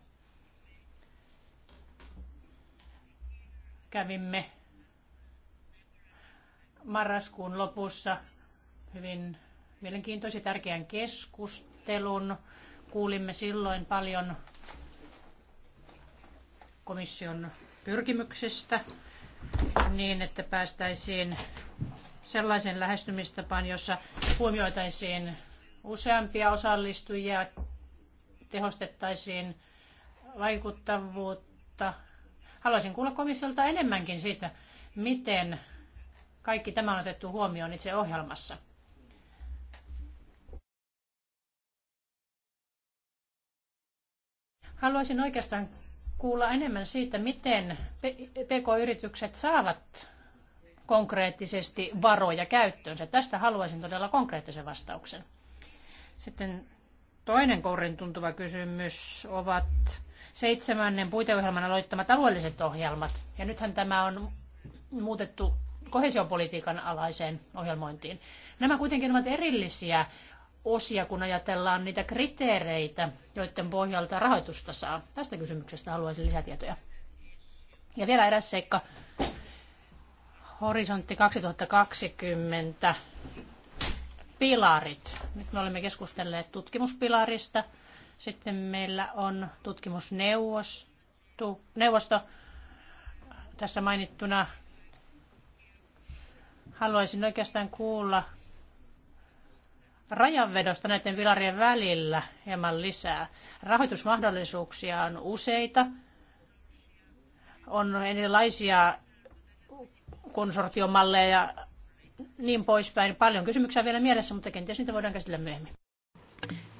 kävimme marraskuun lopussa hyvin mielenkiintoisen tärkeän keskustelun. Kuulimme silloin paljon komission pyrkimyksistä niin, että päästäisiin sellaisen lähestymistapaan, jossa huomioitaisiin useampia osallistujia, tehostettaisiin vaikuttavuutta. Haluaisin kuulla komissiolta enemmänkin siitä, miten kaikki tämä on otettu huomioon itse ohjelmassa. Haluaisin oikeastaan kuulla enemmän siitä, miten PK-yritykset saavat konkreettisesti varoja käyttöönsä. Tästä haluaisin todella konkreettisen vastauksen. Sitten toinen korin tuntuva kysymys ovat seitsemännen puiteohjelman aloittamat alueelliset ohjelmat. Ja nythän tämä on muutettu kohesiopolitiikan alaiseen ohjelmointiin. Nämä kuitenkin ovat erillisiä osia, kun ajatellaan niitä kriteereitä, joiden pohjalta rahoitusta saa. Tästä kysymyksestä haluaisin lisätietoja. Ja vielä eräs seikka. Horisontti 2020 pilarit. Nyt me olemme keskustelleet tutkimuspilarista. Sitten meillä on tutkimusneuvosto neuvosto, tässä mainittuna. Haluaisin oikeastaan kuulla rajanvedosta näiden pilarien välillä hieman lisää. Rahoitusmahdollisuuksia on useita. On erilaisia konsortiomalleja niin poispäin. Paljon kysymyksiä vielä mielessä, mutta kenties niitä voidaan käsitellä myöhemmin.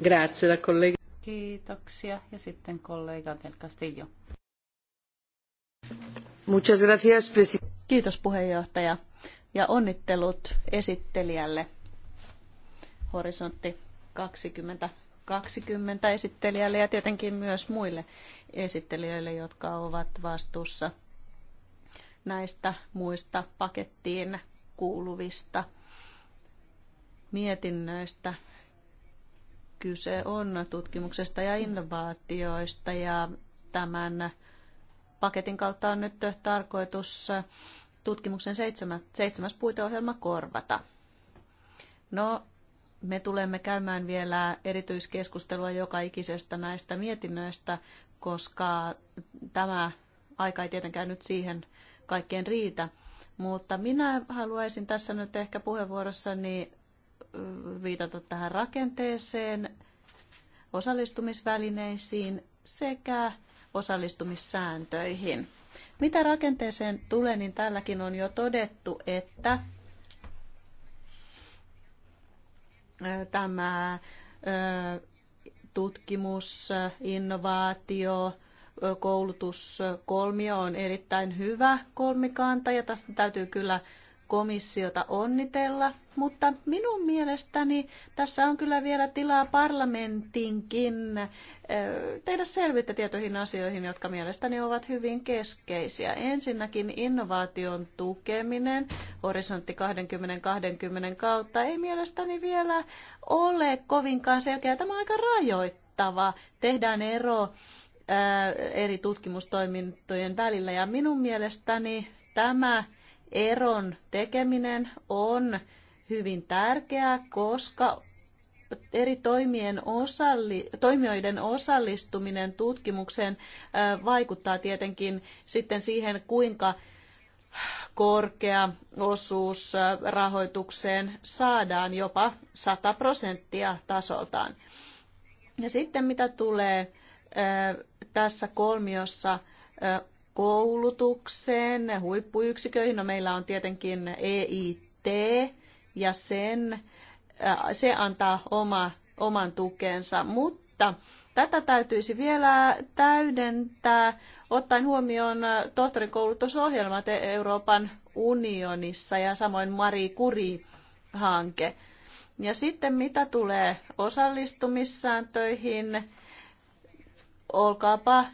Grazie, la collega. Kiitoksia. Ja sitten kollega Del Castillo. Muchas gracias, presidente. Kiitos puheenjohtaja ja onnittelut esittelijälle. Horisontti 2020 esittelijälle ja tietenkin myös muille esittelijöille, jotka ovat vastuussa näistä muista pakettiin kuuluvista mietinnöistä. Kyse on tutkimuksesta ja innovaatioista ja tämän paketin kautta on nyt tarkoitus tutkimuksen seitsemäs puiteohjelma korvata. No, me tulemme käymään vielä erityiskeskustelua joka ikisestä näistä mietinnöistä, koska tämä aika ei tietenkään nyt siihen kaikkeen riitä. Mutta minä haluaisin tässä nyt ehkä puheenvuorossani viitata tähän rakenteeseen, osallistumisvälineisiin sekä osallistumissääntöihin. Mitä rakenteeseen tulee, niin tälläkin on jo todettu, että tämä tutkimus, innovaatio, koulutuskolmio on erittäin hyvä kolmikanta ja tästä täytyy kyllä komissiota onnitella, mutta minun mielestäni tässä on kyllä vielä tilaa parlamentinkin tehdä selvyyttä tietoihin asioihin, jotka mielestäni ovat hyvin keskeisiä. Ensinnäkin innovaation tukeminen horisontti 2020 kautta ei mielestäni vielä ole kovinkaan selkeä. Tämä on aika rajoittava. Tehdään ero eri tutkimustoimintojen välillä. Ja minun mielestäni tämä eron tekeminen on hyvin tärkeää, koska eri toimien osalli, toimijoiden osallistuminen tutkimukseen vaikuttaa tietenkin sitten siihen, kuinka korkea osuus rahoitukseen saadaan jopa 100 prosenttia tasoltaan. Ja sitten mitä tulee tässä kolmiossa koulutukseen, huippuyksiköihin. No meillä on tietenkin EIT ja sen, se antaa oma, oman tukensa, mutta tätä täytyisi vielä täydentää ottaen huomioon tohtorikoulutusohjelmat Euroopan unionissa ja samoin Marie Curie-hanke. Ja sitten mitä tulee osallistumissääntöihin, olkaapa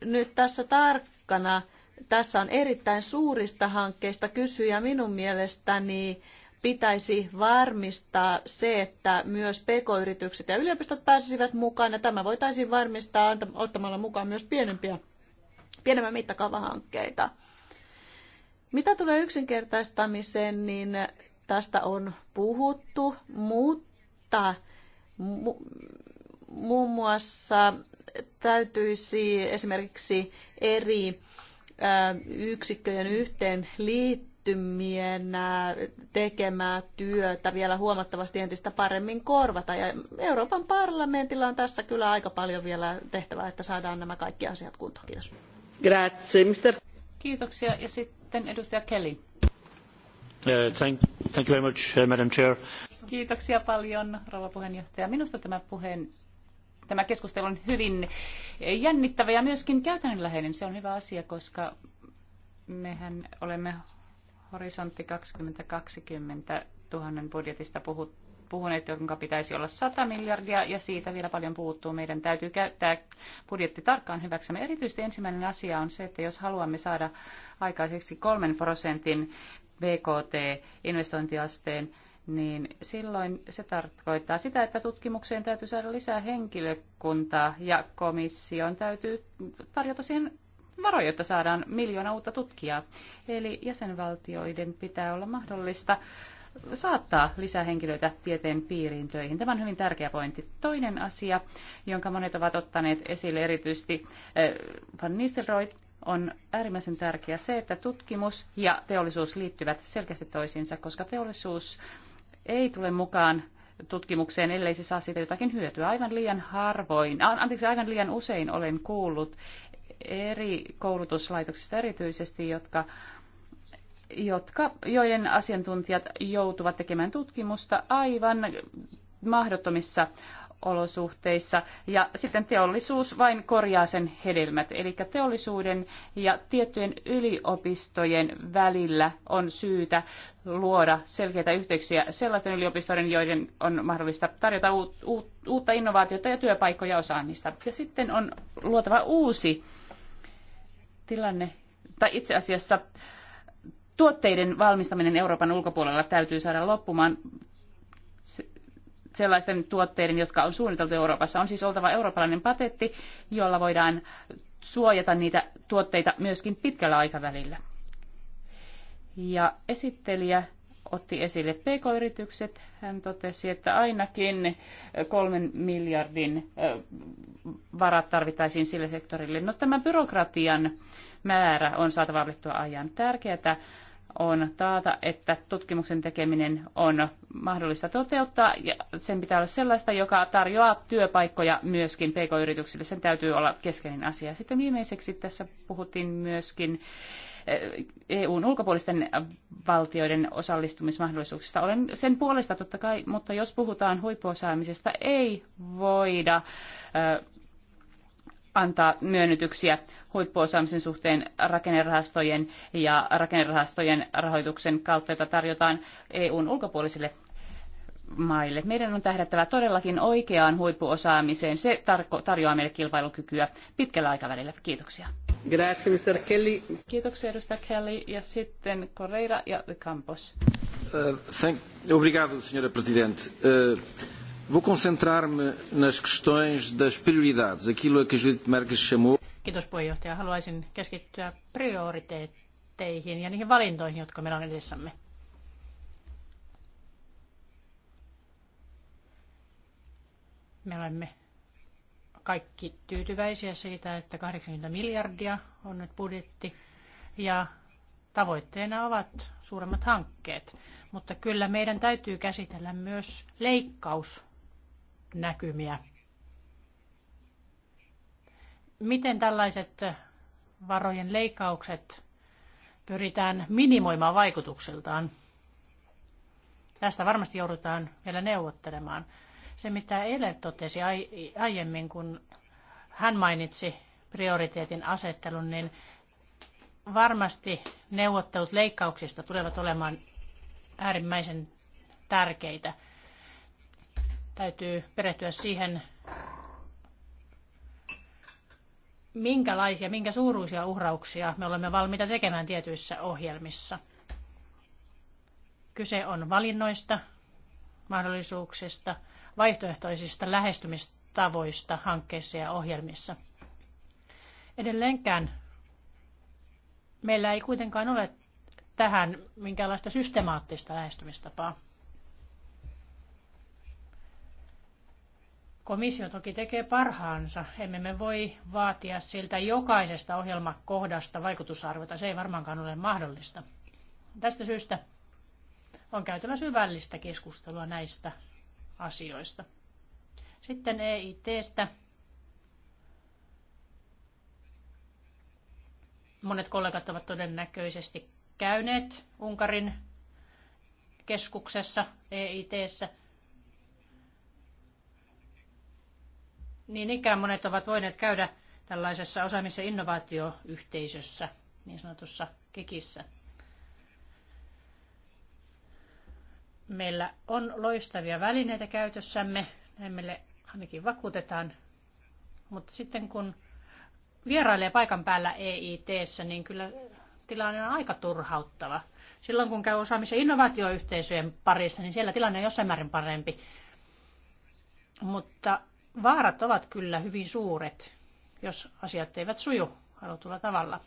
nyt tässä tarkkana. Tässä on erittäin suurista hankkeista kysyjä minun mielestäni pitäisi varmistaa se, että myös pk-yritykset ja yliopistot pääsisivät mukaan, ja tämä voitaisiin varmistaa ottamalla mukaan myös pienempiä, pienemmän mittakaavahankkeita. Mitä tulee yksinkertaistamiseen, niin tästä on puhuttu, mutta mu- muun muassa täytyisi esimerkiksi eri yksikköjen yhteen liittymien tekemää työtä vielä huomattavasti entistä paremmin korvata. Ja Euroopan parlamentilla on tässä kyllä aika paljon vielä tehtävää, että saadaan nämä kaikki asiat kuntoon. Kiitos. Grazie, mister. Kiitoksia. Ja sitten edustaja Kelly. Uh, thank, thank you very much, uh, Madam Chair. Kiitoksia paljon, rouva puheenjohtaja. Minusta tämä puheen tämä keskustelu on hyvin jännittävä ja myöskin käytännönläheinen. Se on hyvä asia, koska mehän olemme Horisontti 2020 tuhannen budjetista puhut, puhuneet, jonka pitäisi olla 100 miljardia, ja siitä vielä paljon puuttuu. Meidän täytyy käyttää budjetti tarkkaan hyväksemme. Erityisesti ensimmäinen asia on se, että jos haluamme saada aikaiseksi kolmen prosentin BKT-investointiasteen niin silloin se tarkoittaa sitä, että tutkimukseen täytyy saada lisää henkilökuntaa ja komission täytyy tarjota siihen varoja, jotta saadaan miljoona uutta tutkijaa. Eli jäsenvaltioiden pitää olla mahdollista saattaa lisää henkilöitä tieteen piiriin töihin. Tämä on hyvin tärkeä pointti. Toinen asia, jonka monet ovat ottaneet esille, erityisesti eh, Van Nistelrooy, on äärimmäisen tärkeää se, että tutkimus ja teollisuus liittyvät selkeästi toisiinsa, koska teollisuus ei tule mukaan tutkimukseen, ellei se saa siitä jotakin hyötyä. Aivan liian harvoin, anteeksi, aivan liian usein olen kuullut eri koulutuslaitoksista erityisesti, jotka, jotka, joiden asiantuntijat joutuvat tekemään tutkimusta aivan mahdottomissa olosuhteissa ja sitten teollisuus vain korjaa sen hedelmät. Eli teollisuuden ja tiettyjen yliopistojen välillä on syytä luoda selkeitä yhteyksiä sellaisten yliopistojen, joiden on mahdollista tarjota uutta innovaatiota ja työpaikkoja osaamista. Ja sitten on luotava uusi tilanne, tai itse asiassa tuotteiden valmistaminen Euroopan ulkopuolella täytyy saada loppumaan sellaisten tuotteiden, jotka on suunniteltu Euroopassa. On siis oltava eurooppalainen patentti, jolla voidaan suojata niitä tuotteita myöskin pitkällä aikavälillä. Ja esittelijä otti esille pk-yritykset. Hän totesi, että ainakin kolmen miljardin varat tarvittaisiin sille sektorille. No tämä byrokratian määrä on saatava alettua ajan tärkeää on taata, että tutkimuksen tekeminen on mahdollista toteuttaa ja sen pitää olla sellaista, joka tarjoaa työpaikkoja myöskin pk-yrityksille. Sen täytyy olla keskeinen asia. Sitten viimeiseksi tässä puhuttiin myöskin eh, EUn ulkopuolisten valtioiden osallistumismahdollisuuksista. Olen sen puolesta totta kai, mutta jos puhutaan huippuosaamisesta, ei voida eh, antaa myönnytyksiä huippuosaamisen suhteen rakennerahastojen ja rakennerahastojen rahoituksen kautta, jota tarjotaan EUn ulkopuolisille maille. Meidän on tähdättävä todellakin oikeaan huippuosaamiseen. Se tarjoaa meille kilpailukykyä pitkällä aikavälillä. Kiitoksia. Grazie, Mr. Kelly. Kiitoksia, edustaja Kelly. Ja sitten Correira ja Campos. Uh, thank, obrigado, senhora Presidente. Uh, vou concentrar-me nas questões das prioridades, aquilo a que a Judith Merkel chamou. Kiitos puheenjohtaja. Haluaisin keskittyä prioriteetteihin ja niihin valintoihin, jotka meillä on edessämme. Me olemme kaikki tyytyväisiä siitä, että 80 miljardia on nyt budjetti ja tavoitteena ovat suuremmat hankkeet. Mutta kyllä meidän täytyy käsitellä myös leikkausnäkymiä miten tällaiset varojen leikkaukset pyritään minimoimaan vaikutuksiltaan? Tästä varmasti joudutaan vielä neuvottelemaan. Se, mitä Eiler totesi aiemmin, kun hän mainitsi prioriteetin asettelun, niin varmasti neuvottelut leikkauksista tulevat olemaan äärimmäisen tärkeitä. Täytyy perehtyä siihen, minkälaisia, minkä suuruisia uhrauksia me olemme valmiita tekemään tietyissä ohjelmissa. Kyse on valinnoista, mahdollisuuksista, vaihtoehtoisista lähestymistavoista hankkeissa ja ohjelmissa. Edelleenkään meillä ei kuitenkaan ole tähän minkäänlaista systemaattista lähestymistapaa. Komissio toki tekee parhaansa. Emme me voi vaatia siltä jokaisesta ohjelmakohdasta vaikutusarvota. Se ei varmaankaan ole mahdollista. Tästä syystä on käytävä syvällistä keskustelua näistä asioista. Sitten EITstä. Monet kollegat ovat todennäköisesti käyneet Unkarin keskuksessa EITssä – Niin ikään monet ovat voineet käydä tällaisessa osaamis- ja innovaatioyhteisössä, niin sanotussa kekissä. Meillä on loistavia välineitä käytössämme, näin meille ainakin vakuutetaan. Mutta sitten kun vierailee paikan päällä eit niin kyllä tilanne on aika turhauttava. Silloin kun käy osaamis- ja innovaatioyhteisöjen parissa, niin siellä tilanne on jossain määrin parempi. Mutta vaarat ovat kyllä hyvin suuret, jos asiat eivät suju halutulla tavalla.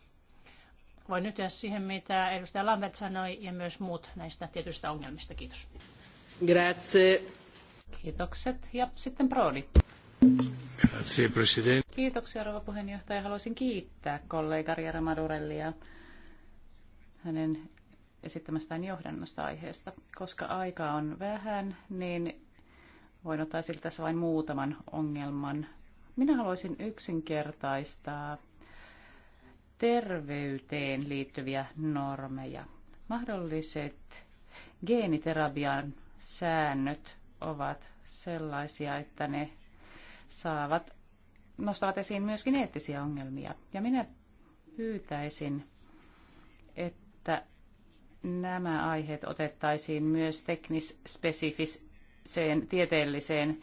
Voin nyt siihen, mitä edustaja Lambert sanoi ja myös muut näistä tietyistä ongelmista. Kiitos. Grazie. Kiitokset. Ja sitten Prodi. Grazie, president. Kiitoksia, rouva puheenjohtaja. Haluaisin kiittää kollega Riera Madurellia hänen esittämästään johdannosta aiheesta. Koska aika on vähän, niin Voin ottaa esille tässä vain muutaman ongelman. Minä haluaisin yksinkertaistaa terveyteen liittyviä normeja. Mahdolliset geeniterapian säännöt ovat sellaisia, että ne saavat, nostavat esiin myöskin eettisiä ongelmia. Ja minä pyytäisin, että nämä aiheet otettaisiin myös teknisspesifis tieteelliseen, tieteelliseen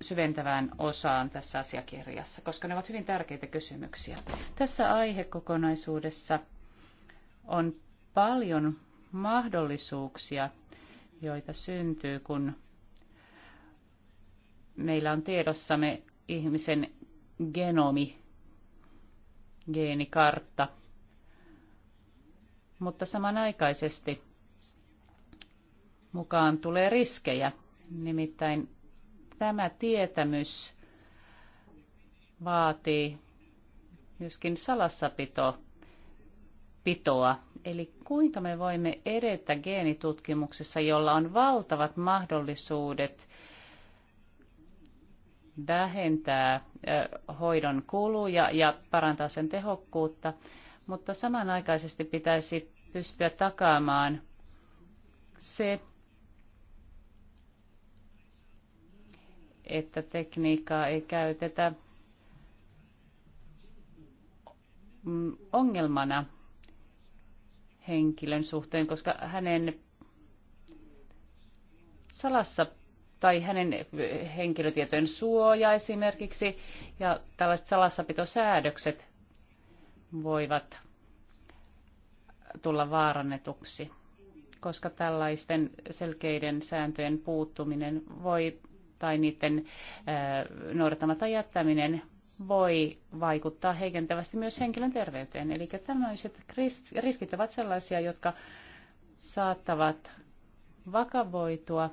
syventävään osaan tässä asiakirjassa, koska ne ovat hyvin tärkeitä kysymyksiä. Tässä aihekokonaisuudessa on paljon mahdollisuuksia, joita syntyy, kun meillä on tiedossamme ihmisen genomi, geenikartta, mutta samanaikaisesti mukaan tulee riskejä. Nimittäin tämä tietämys vaatii myöskin salassapitoa. pitoa. Eli kuinka me voimme edetä geenitutkimuksessa, jolla on valtavat mahdollisuudet vähentää hoidon kuluja ja parantaa sen tehokkuutta, mutta samanaikaisesti pitäisi pystyä takaamaan se, että tekniikkaa ei käytetä ongelmana henkilön suhteen, koska hänen salassa tai hänen henkilötietojen suoja esimerkiksi ja tällaiset salassapitosäädökset voivat tulla vaarannetuksi, koska tällaisten selkeiden sääntöjen puuttuminen voi tai niiden noudattamatta jättäminen voi vaikuttaa heikentävästi myös henkilön terveyteen. Eli tämmöiset riskit ovat sellaisia, jotka saattavat vakavoitua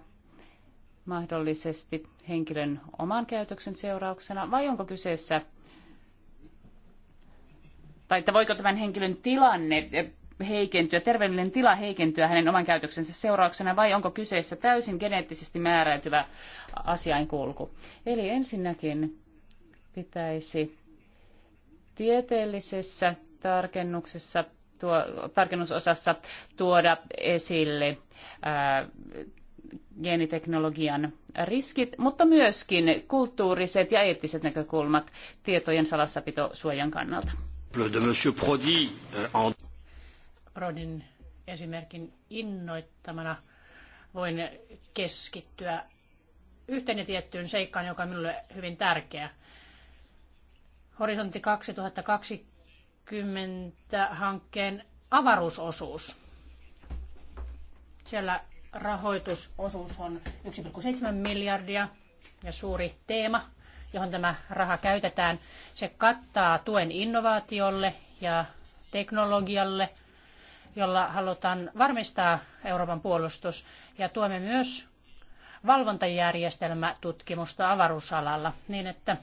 mahdollisesti henkilön oman käytöksen seurauksena, vai onko kyseessä, tai että voiko tämän henkilön tilanne heikentyä, terveellinen tila heikentyä hänen oman käytöksensä seurauksena vai onko kyseessä täysin geneettisesti määräytyvä asiainkulku. Eli ensinnäkin pitäisi tieteellisessä tarkennuksessa, tuo, tarkennusosassa tuoda esille ää, geeniteknologian riskit, mutta myöskin kulttuuriset ja eettiset näkökulmat tietojen salassapitosuojan kannalta. Rodin esimerkin innoittamana voin keskittyä yhteen ja tiettyyn seikkaan, joka on minulle hyvin tärkeä. Horisontti 2020 hankkeen avaruusosuus. Siellä rahoitusosuus on 1,7 miljardia ja suuri teema, johon tämä raha käytetään. Se kattaa tuen innovaatiolle ja teknologialle – jolla halutaan varmistaa Euroopan puolustus ja tuemme myös valvontajärjestelmätutkimusta avaruusalalla niin, että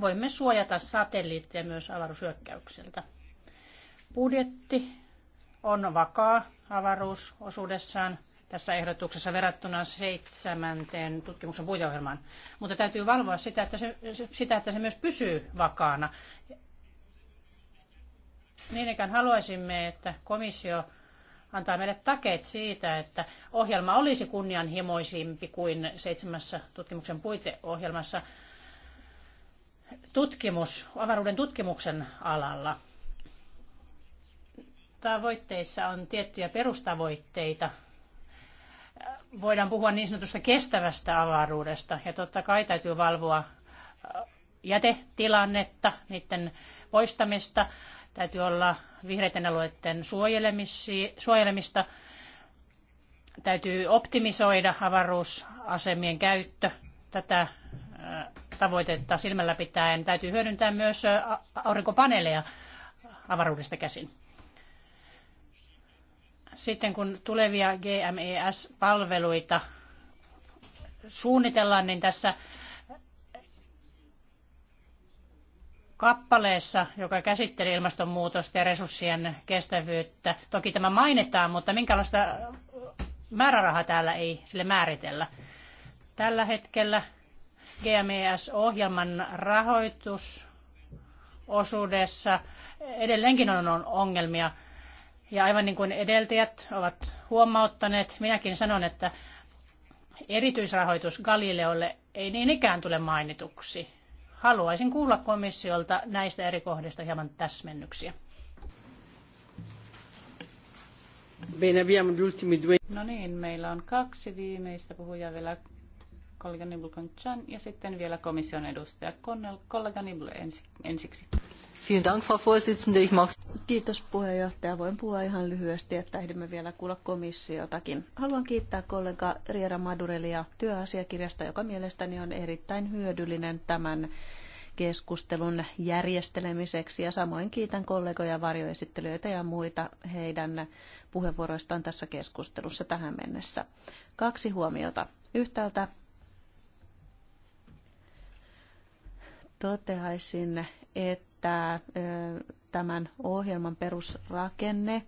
voimme suojata satelliitteja myös avaruushyökkäyksiltä. Budjetti on vakaa avaruusosuudessaan tässä ehdotuksessa verrattuna seitsemänteen tutkimuksen puiteohjelmaan. Mutta täytyy valvoa sitä että, se, sitä, että se myös pysyy vakaana niin ikään haluaisimme, että komissio antaa meille takeet siitä, että ohjelma olisi kunnianhimoisempi kuin seitsemässä tutkimuksen puiteohjelmassa tutkimus, avaruuden tutkimuksen alalla. Tavoitteissa on tiettyjä perustavoitteita. Voidaan puhua niin sanotusta kestävästä avaruudesta ja totta kai täytyy valvoa jätetilannetta, niiden poistamista, Täytyy olla vihreiden alueiden suojelemista. Täytyy optimisoida avaruusasemien käyttö. Tätä tavoitetta silmällä pitäen täytyy hyödyntää myös aurinkopaneeleja avaruudesta käsin. Sitten kun tulevia GMES-palveluita suunnitellaan, niin tässä kappaleessa, joka käsitteli ilmastonmuutosta ja resurssien kestävyyttä. Toki tämä mainitaan, mutta minkälaista määrärahaa täällä ei sille määritellä. Tällä hetkellä GMES-ohjelman rahoitusosuudessa edelleenkin on ongelmia. Ja aivan niin kuin edeltäjät ovat huomauttaneet, minäkin sanon, että erityisrahoitus Galileolle ei niin ikään tule mainituksi Haluaisin kuulla komissiolta näistä eri kohdista hieman täsmennyksiä. No niin, meillä on kaksi viimeistä puhujaa vielä. Kollega Nibul ja sitten vielä komission edustaja Kollega Nibul ensiksi. Kiitos puheenjohtaja. Voin puhua ihan lyhyesti, että ehdimme vielä kuulla komissiotakin. Haluan kiittää kollega Riera Madurelia työasiakirjasta, joka mielestäni on erittäin hyödyllinen tämän keskustelun järjestelemiseksi ja samoin kiitän kollegoja, varjoesittelijöitä ja muita heidän puheenvuoroistaan tässä keskustelussa tähän mennessä. Kaksi huomiota. Yhtäältä toteaisin, että tämä, tämän ohjelman perusrakenne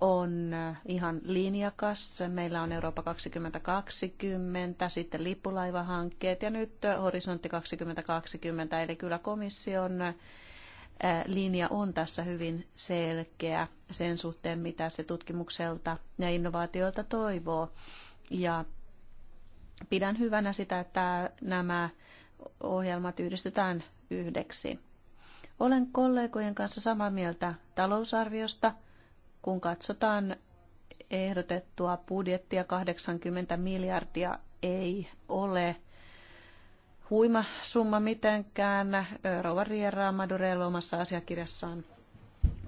on ihan linjakas. Meillä on Eurooppa 2020, sitten lippulaivahankkeet ja nyt Horisontti 2020. Eli kyllä komission linja on tässä hyvin selkeä sen suhteen, mitä se tutkimukselta ja innovaatioilta toivoo. Ja pidän hyvänä sitä, että nämä ohjelmat yhdistetään yhdeksi. Olen kollegojen kanssa samaa mieltä talousarviosta, kun katsotaan ehdotettua budjettia 80 miljardia ei ole huima summa mitenkään. Rova Riera Madurello omassa asiakirjassaan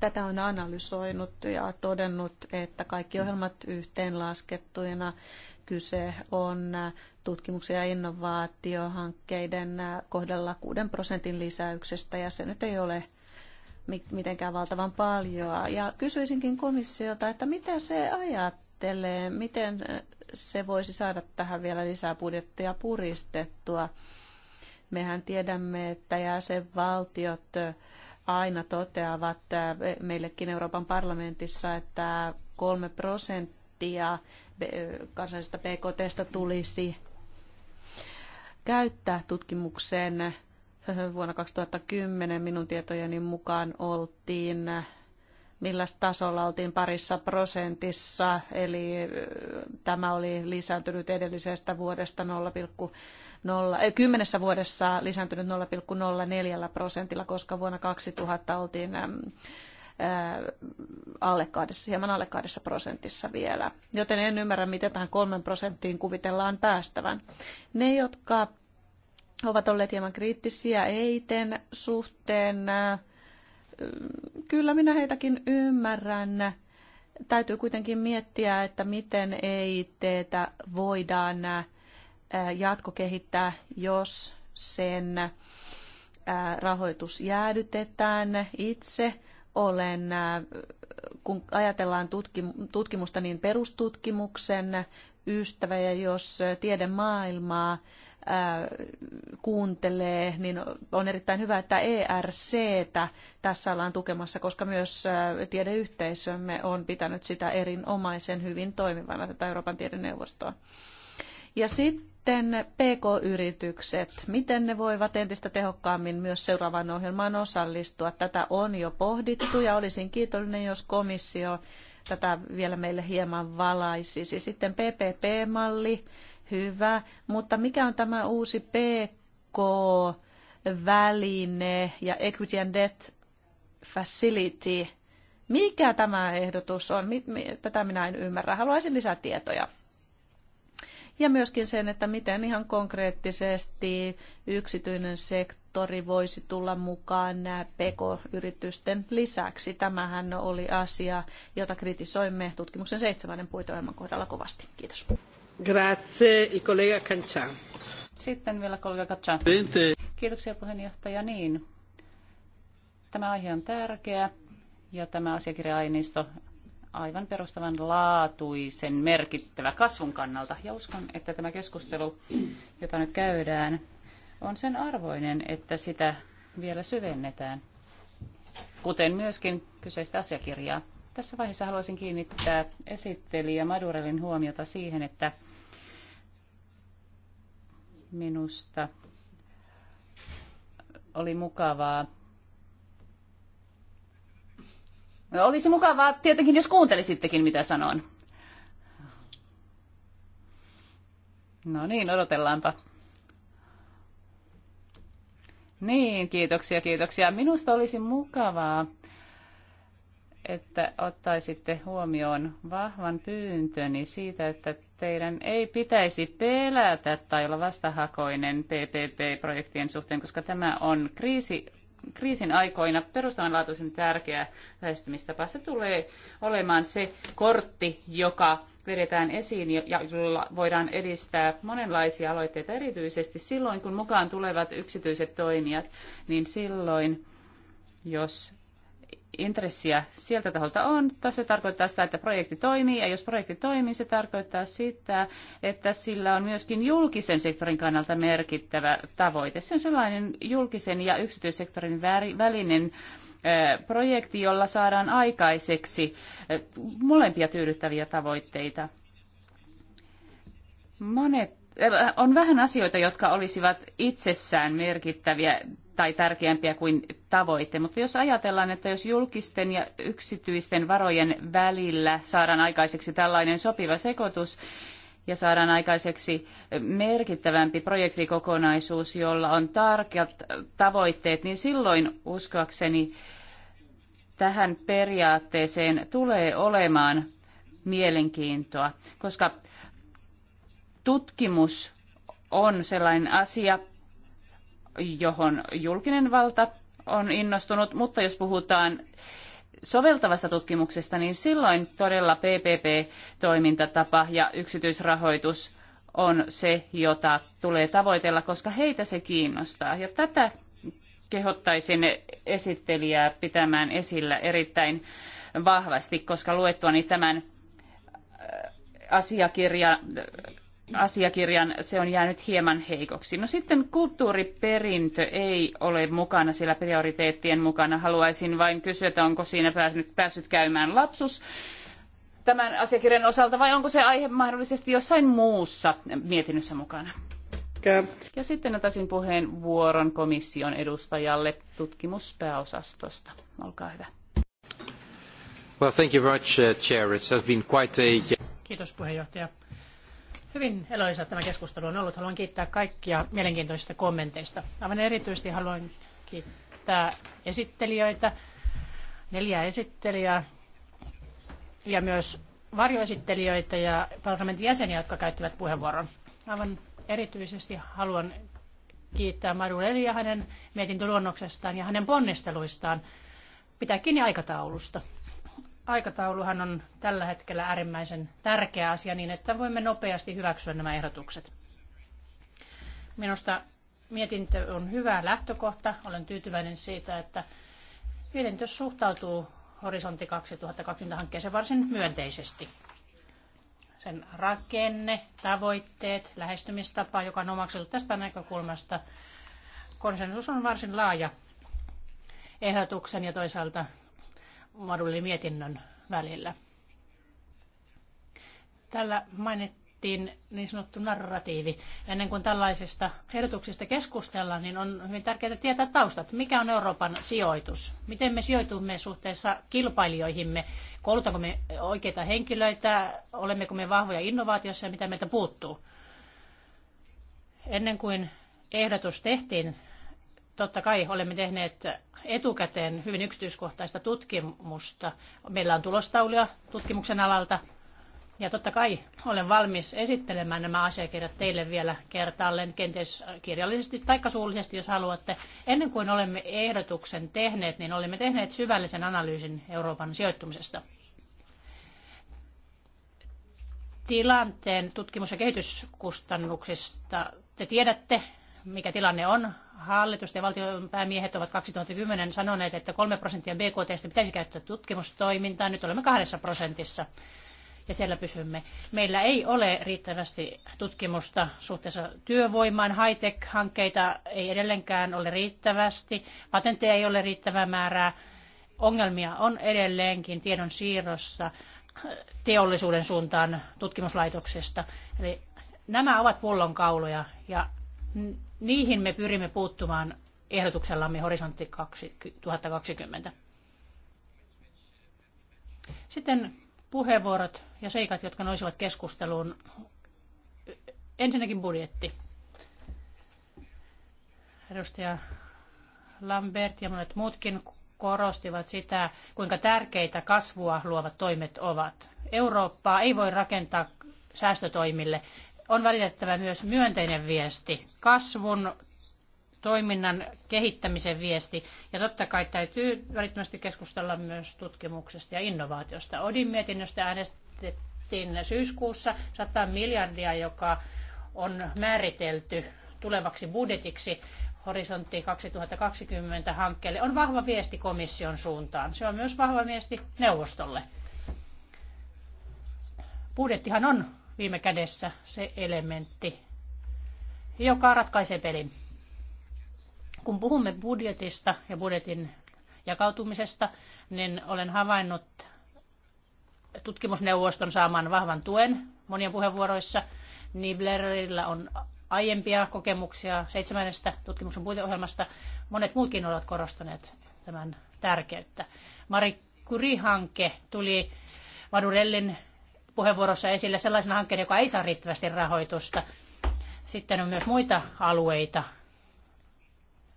tätä on analysoinut ja todennut, että kaikki ohjelmat yhteenlaskettuina kyse on tutkimuksen ja innovaatiohankkeiden kohdalla 6 prosentin lisäyksestä ja se nyt ei ole mitenkään valtavan paljon. Ja kysyisinkin komissiota, että mitä se ajattelee, miten se voisi saada tähän vielä lisää budjettia puristettua. Mehän tiedämme, että jäsenvaltiot aina toteavat meillekin Euroopan parlamentissa, että kolme prosenttia prosenttia kansallisesta PKTstä tulisi käyttää tutkimukseen. Vuonna 2010 minun tietojeni mukaan oltiin millä tasolla oltiin parissa prosentissa, eli tämä oli lisääntynyt edellisestä vuodesta 0, kymmenessä vuodessa lisääntynyt 0,04 prosentilla, koska vuonna 2000 oltiin alle kahdessa, hieman alle kahdessa prosentissa vielä. Joten en ymmärrä, miten tähän kolmen prosenttiin kuvitellaan päästävän. Ne, jotka ovat olleet hieman kriittisiä EITen suhteen, kyllä minä heitäkin ymmärrän. Täytyy kuitenkin miettiä, että miten EITtä voidaan jatkokehittää, jos sen rahoitus jäädytetään itse olen, äh, kun ajatellaan tutkimusta, niin perustutkimuksen ystävä ja jos tiedemaailmaa äh, kuuntelee, niin on erittäin hyvä, että ERCtä tässä ollaan tukemassa, koska myös äh, tiedeyhteisömme on pitänyt sitä erinomaisen hyvin toimivana, tätä Euroopan tiedeneuvostoa. Ja sitten sitten PK-yritykset, miten ne voivat entistä tehokkaammin myös seuraavaan ohjelmaan osallistua? Tätä on jo pohdittu ja olisin kiitollinen, jos komissio tätä vielä meille hieman valaisisi. Sitten PPP-malli, hyvä, mutta mikä on tämä uusi PK-väline ja Equity and Debt Facility? Mikä tämä ehdotus on? Tätä minä en ymmärrä. Haluaisin lisää tietoja ja myöskin sen, että miten ihan konkreettisesti yksityinen sektori voisi tulla mukaan nämä PK-yritysten lisäksi. Tämähän oli asia, jota kritisoimme tutkimuksen seitsemännen puiteohjelman kohdalla kovasti. Kiitos. Grazie, il collega Cancian. Sitten vielä kollega Kaczan. Kiitoksia puheenjohtaja. Niin, tämä aihe on tärkeä ja tämä asiakirja-aineisto aivan perustavanlaatuisen merkittävä kasvun kannalta. Ja uskon, että tämä keskustelu, jota nyt käydään, on sen arvoinen, että sitä vielä syvennetään, kuten myöskin kyseistä asiakirjaa. Tässä vaiheessa haluaisin kiinnittää esittelijä Madurelin huomiota siihen, että minusta oli mukavaa Olisi mukavaa tietenkin, jos kuuntelisittekin, mitä sanon. No niin, odotellaanpa. Niin, kiitoksia, kiitoksia. Minusta olisi mukavaa, että ottaisitte huomioon vahvan pyyntöni siitä, että teidän ei pitäisi pelätä tai olla vastahakoinen PPP-projektien suhteen, koska tämä on kriisi kriisin aikoina perustavanlaatuisen tärkeä lähestymistapa. Se tulee olemaan se kortti, joka vedetään esiin ja jolla voidaan edistää monenlaisia aloitteita, erityisesti silloin, kun mukaan tulevat yksityiset toimijat, niin silloin, jos intressiä sieltä taholta on, se tarkoittaa sitä, että projekti toimii, ja jos projekti toimii, se tarkoittaa sitä, että sillä on myöskin julkisen sektorin kannalta merkittävä tavoite. Se on sellainen julkisen ja yksityissektorin välinen projekti, jolla saadaan aikaiseksi molempia tyydyttäviä tavoitteita. Monet on vähän asioita, jotka olisivat itsessään merkittäviä tai tärkeämpiä kuin tavoite. Mutta jos ajatellaan, että jos julkisten ja yksityisten varojen välillä saadaan aikaiseksi tällainen sopiva sekoitus, ja saadaan aikaiseksi merkittävämpi projektikokonaisuus, jolla on tarkat tavoitteet, niin silloin uskoakseni tähän periaatteeseen tulee olemaan mielenkiintoa, koska tutkimus on sellainen asia, johon julkinen valta on innostunut, mutta jos puhutaan soveltavasta tutkimuksesta, niin silloin todella PPP-toimintatapa ja yksityisrahoitus on se, jota tulee tavoitella, koska heitä se kiinnostaa. Ja tätä kehottaisin esittelijää pitämään esillä erittäin vahvasti, koska luettuani tämän äh, asiakirja asiakirjan, se on jäänyt hieman heikoksi. No sitten kulttuuriperintö ei ole mukana siellä prioriteettien mukana. Haluaisin vain kysyä, että onko siinä päässyt, päässyt käymään lapsus tämän asiakirjan osalta vai onko se aihe mahdollisesti jossain muussa mietinnössä mukana? Ja sitten antaisin puheenvuoron komission edustajalle tutkimuspääosastosta. Olkaa hyvä. Well, thank you very much, uh, Chair. It has been quite a... Kiitos puheenjohtaja. Hyvin eloisa tämä keskustelu on ollut. Haluan kiittää kaikkia mielenkiintoisista kommenteista. Aivan erityisesti haluan kiittää esittelijöitä, neljää esittelijää ja myös varjoesittelijöitä ja parlamentin jäseniä, jotka käyttivät puheenvuoron. Aivan erityisesti haluan kiittää Maru Lelia hänen mietintöluonnoksestaan ja hänen ponnisteluistaan pitää kiinni aikataulusta aikatauluhan on tällä hetkellä äärimmäisen tärkeä asia niin, että voimme nopeasti hyväksyä nämä ehdotukset. Minusta mietintö on hyvä lähtökohta. Olen tyytyväinen siitä, että mietintö suhtautuu Horisontti 2020 hankkeeseen varsin myönteisesti. Sen rakenne, tavoitteet, lähestymistapa, joka on omaksuttu tästä näkökulmasta, konsensus on varsin laaja ehdotuksen ja toisaalta Madulin mietinnön välillä. Tällä mainittiin niin sanottu narratiivi. Ennen kuin tällaisista ehdotuksista keskustellaan, niin on hyvin tärkeää tietää taustat. Mikä on Euroopan sijoitus? Miten me sijoitumme suhteessa kilpailijoihimme? Koulutanko me oikeita henkilöitä? Olemmeko me vahvoja innovaatiossa ja mitä meiltä puuttuu? Ennen kuin ehdotus tehtiin Totta kai olemme tehneet etukäteen hyvin yksityiskohtaista tutkimusta. Meillä on tulostaulia tutkimuksen alalta. Ja totta kai olen valmis esittelemään nämä asiakirjat teille vielä kertaalleen, kenties kirjallisesti tai suullisesti, jos haluatte. Ennen kuin olemme ehdotuksen tehneet, niin olemme tehneet syvällisen analyysin Euroopan sijoittumisesta. Tilanteen tutkimus- ja kehityskustannuksista te tiedätte, mikä tilanne on hallitusten ja valtion päämiehet ovat 2010 sanoneet, että 3 prosenttia BKTstä pitäisi käyttää tutkimustoimintaan. Nyt olemme kahdessa prosentissa ja siellä pysymme. Meillä ei ole riittävästi tutkimusta suhteessa työvoimaan. High-tech-hankkeita ei edelleenkään ole riittävästi. Patentteja ei ole riittävää määrää. Ongelmia on edelleenkin tiedon siirrossa teollisuuden suuntaan tutkimuslaitoksesta. Eli nämä ovat pullonkauloja ja Niihin me pyrimme puuttumaan ehdotuksellamme Horisontti 2020. Sitten puheenvuorot ja seikat, jotka nousivat keskusteluun. Ensinnäkin budjetti. Edustaja Lambert ja monet muutkin korostivat sitä, kuinka tärkeitä kasvua luovat toimet ovat. Eurooppaa ei voi rakentaa säästötoimille on välitettävä myös myönteinen viesti, kasvun toiminnan kehittämisen viesti. Ja totta kai täytyy välittömästi keskustella myös tutkimuksesta ja innovaatiosta. Odin mietinnöstä äänestettiin syyskuussa 100 miljardia, joka on määritelty tulevaksi budjetiksi Horisontti 2020 hankkeelle on vahva viesti komission suuntaan. Se on myös vahva viesti neuvostolle. Budjettihan on viime kädessä se elementti, joka ratkaisee pelin. Kun puhumme budjetista ja budjetin jakautumisesta, niin olen havainnut tutkimusneuvoston saaman vahvan tuen monia puheenvuoroissa. Niblerillä on aiempia kokemuksia seitsemännestä tutkimuksen puiteohjelmasta. Monet muutkin ovat korostaneet tämän tärkeyttä. Mari Curie-hanke tuli Madurellin puheenvuorossa esille sellaisen hankkeen, joka ei saa riittävästi rahoitusta. Sitten on myös muita alueita,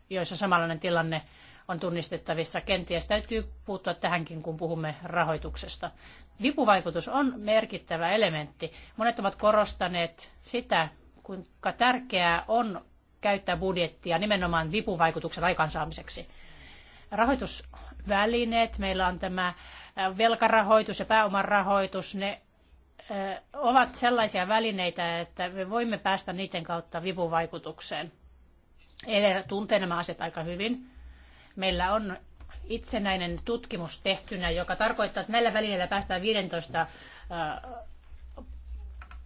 joissa samanlainen tilanne on tunnistettavissa. Kenties täytyy puuttua tähänkin, kun puhumme rahoituksesta. Vipuvaikutus on merkittävä elementti. Monet ovat korostaneet sitä, kuinka tärkeää on käyttää budjettia nimenomaan vipuvaikutuksen aikaansaamiseksi. Rahoitusvälineet, meillä on tämä velkarahoitus ja rahoitus ne ovat sellaisia välineitä, että me voimme päästä niiden kautta vipuvaikutukseen. Ele tuntee nämä asiat aika hyvin. Meillä on itsenäinen tutkimus tehtynä, joka tarkoittaa, että näillä välineillä päästään 15,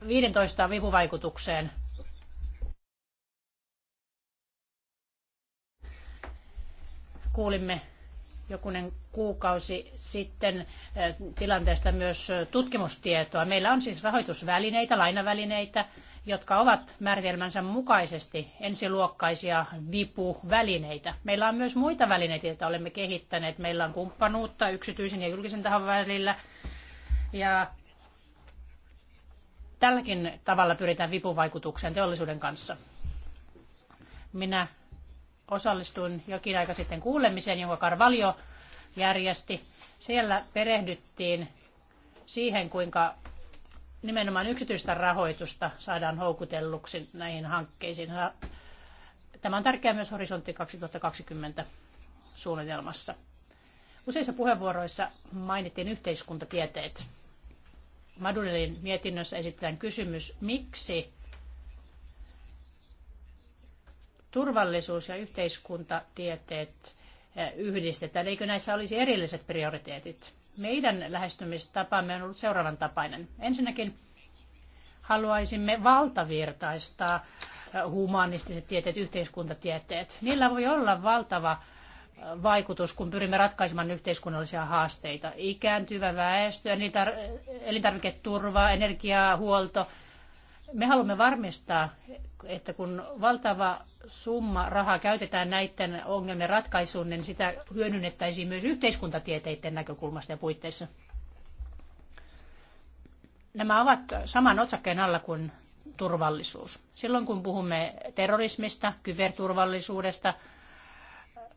15 vipuvaikutukseen. Kuulimme jokunen kuukausi sitten eh, tilanteesta myös eh, tutkimustietoa. Meillä on siis rahoitusvälineitä, lainavälineitä, jotka ovat määritelmänsä mukaisesti ensiluokkaisia vipuvälineitä. Meillä on myös muita välineitä, joita olemme kehittäneet. Meillä on kumppanuutta yksityisen ja julkisen tahon välillä. Ja tälläkin tavalla pyritään vipuvaikutukseen teollisuuden kanssa. Minä osallistuin jokin aika sitten kuulemiseen, jonka Karvalio järjesti. Siellä perehdyttiin siihen, kuinka nimenomaan yksityistä rahoitusta saadaan houkutelluksi näihin hankkeisiin. Tämä on tärkeää myös Horisontti 2020 suunnitelmassa. Useissa puheenvuoroissa mainittiin yhteiskuntatieteet. Madulelin mietinnössä esitetään kysymys, miksi turvallisuus ja yhteiskuntatieteet eh, yhdistetään. Eikö näissä olisi erilliset prioriteetit? Meidän lähestymistapamme on ollut seuraavan tapainen. Ensinnäkin haluaisimme valtavirtaistaa eh, humanistiset tieteet, yhteiskuntatieteet. Niillä voi olla valtava eh, vaikutus, kun pyrimme ratkaisemaan yhteiskunnallisia haasteita. Ikääntyvä väestö, elintarviketurva, energiahuolto, me haluamme varmistaa, että kun valtava summa rahaa käytetään näiden ongelmien ratkaisuun, niin sitä hyödynnettäisiin myös yhteiskuntatieteiden näkökulmasta ja puitteissa. Nämä ovat saman otsakkeen alla kuin turvallisuus. Silloin kun puhumme terrorismista, kyberturvallisuudesta,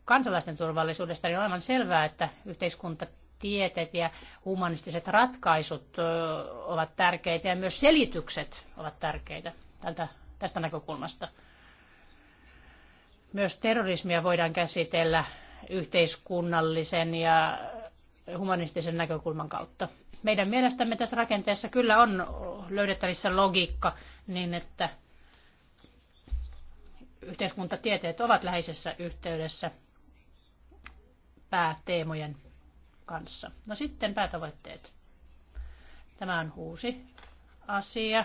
kansalaisten turvallisuudesta, niin on aivan selvää, että yhteiskunta tieteet ja humanistiset ratkaisut ovat tärkeitä ja myös selitykset ovat tärkeitä tältä, tästä näkökulmasta. Myös terrorismia voidaan käsitellä yhteiskunnallisen ja humanistisen näkökulman kautta. Meidän mielestämme tässä rakenteessa kyllä on löydettävissä logiikka niin, että yhteiskuntatieteet ovat läheisessä yhteydessä pääteemojen kanssa. No sitten päätavoitteet. Tämä on uusi asia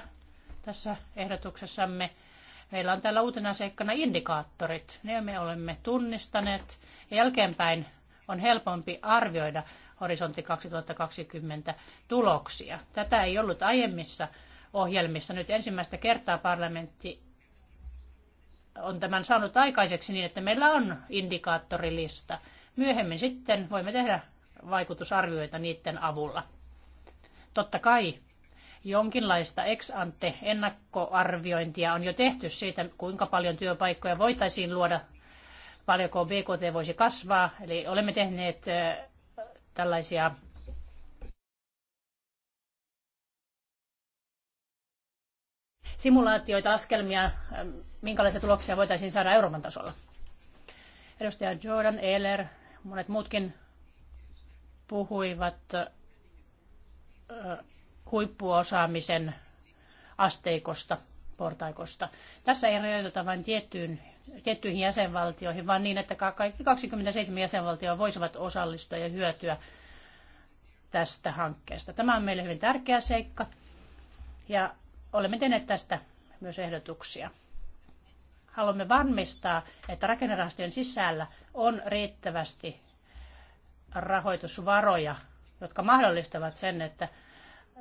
tässä ehdotuksessamme. Meillä on täällä uutena seikkana indikaattorit. Ne me olemme tunnistaneet. Jälkeenpäin on helpompi arvioida horisontti 2020 tuloksia. Tätä ei ollut aiemmissa ohjelmissa. Nyt ensimmäistä kertaa parlamentti on tämän saanut aikaiseksi niin, että meillä on indikaattorilista. Myöhemmin sitten voimme tehdä vaikutusarvioita niiden avulla. Totta kai jonkinlaista ex ante ennakkoarviointia on jo tehty siitä, kuinka paljon työpaikkoja voitaisiin luoda, paljonko BKT voisi kasvaa. Eli olemme tehneet tällaisia simulaatioita, laskelmia, minkälaisia tuloksia voitaisiin saada Euroopan tasolla. Edustaja Jordan, Ehler, monet muutkin puhuivat huippuosaamisen asteikosta, portaikosta. Tässä ei rajoiteta vain tiettyyn, tiettyihin jäsenvaltioihin, vaan niin, että kaikki 27 jäsenvaltioa voisivat osallistua ja hyötyä tästä hankkeesta. Tämä on meille hyvin tärkeä seikka ja olemme tehneet tästä myös ehdotuksia. Haluamme varmistaa, että rakennerahastojen sisällä on riittävästi rahoitusvaroja, jotka mahdollistavat sen, että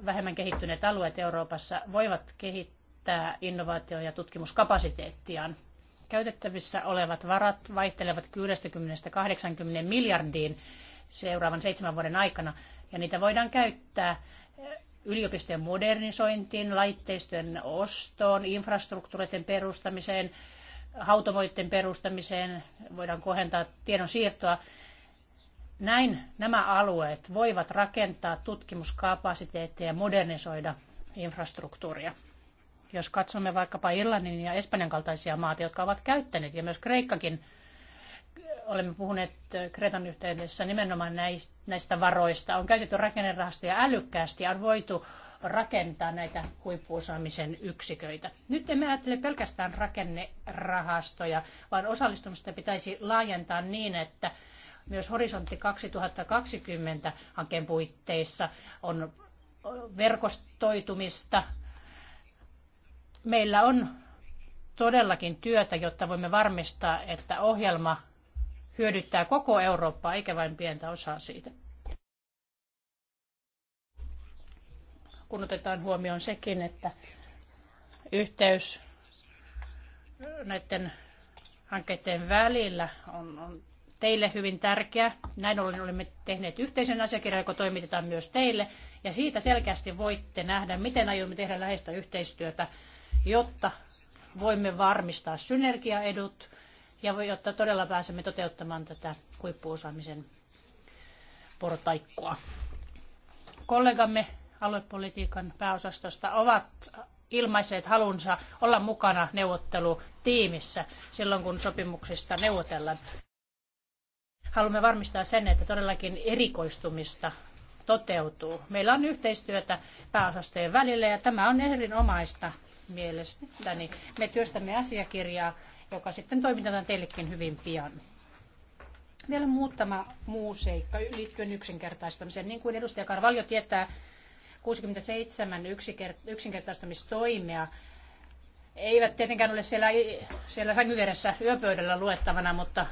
vähemmän kehittyneet alueet Euroopassa voivat kehittää innovaatio- ja tutkimuskapasiteettiaan. Käytettävissä olevat varat vaihtelevat 60-80 miljardiin seuraavan seitsemän vuoden aikana, ja niitä voidaan käyttää yliopistojen modernisointiin, laitteistojen ostoon, infrastruktuureiden perustamiseen, hautomoiden perustamiseen, voidaan kohentaa tiedon siirtoa näin nämä alueet voivat rakentaa tutkimuskapasiteetteja ja modernisoida infrastruktuuria. Jos katsomme vaikkapa Irlannin ja Espanjan kaltaisia maita, jotka ovat käyttäneet, ja myös Kreikkakin, olemme puhuneet Kreetan yhteydessä nimenomaan näistä varoista, on käytetty rakennerahastoja älykkäästi ja on voitu rakentaa näitä huippuosaamisen yksiköitä. Nyt emme ajattele pelkästään rakennerahastoja, vaan osallistumista pitäisi laajentaa niin, että myös Horisontti 2020 hankkeen puitteissa on verkostoitumista. Meillä on todellakin työtä, jotta voimme varmistaa, että ohjelma hyödyttää koko Eurooppaa eikä vain pientä osaa siitä. Kun otetaan huomioon sekin, että yhteys näiden hankkeiden välillä on, on teille hyvin tärkeä. Näin ollen olemme tehneet yhteisen asiakirjan, joka toimitetaan myös teille. Ja siitä selkeästi voitte nähdä, miten aiomme tehdä läheistä yhteistyötä, jotta voimme varmistaa synergiaedut ja jotta todella pääsemme toteuttamaan tätä huippuosaamisen portaikkoa. Kollegamme aluepolitiikan pääosastosta ovat ilmaiseet halunsa olla mukana neuvottelutiimissä silloin, kun sopimuksista neuvotellaan haluamme varmistaa sen, että todellakin erikoistumista toteutuu. Meillä on yhteistyötä pääosastojen välillä ja tämä on erinomaista mielestäni. Me työstämme asiakirjaa, joka sitten toimitetaan teillekin hyvin pian. Vielä muutama muu seikka liittyen yksinkertaistamiseen. Niin kuin edustaja Karvalio tietää, 67 yksinkertaistamistoimea eivät tietenkään ole siellä, siellä sängyveressä yöpöydällä luettavana, mutta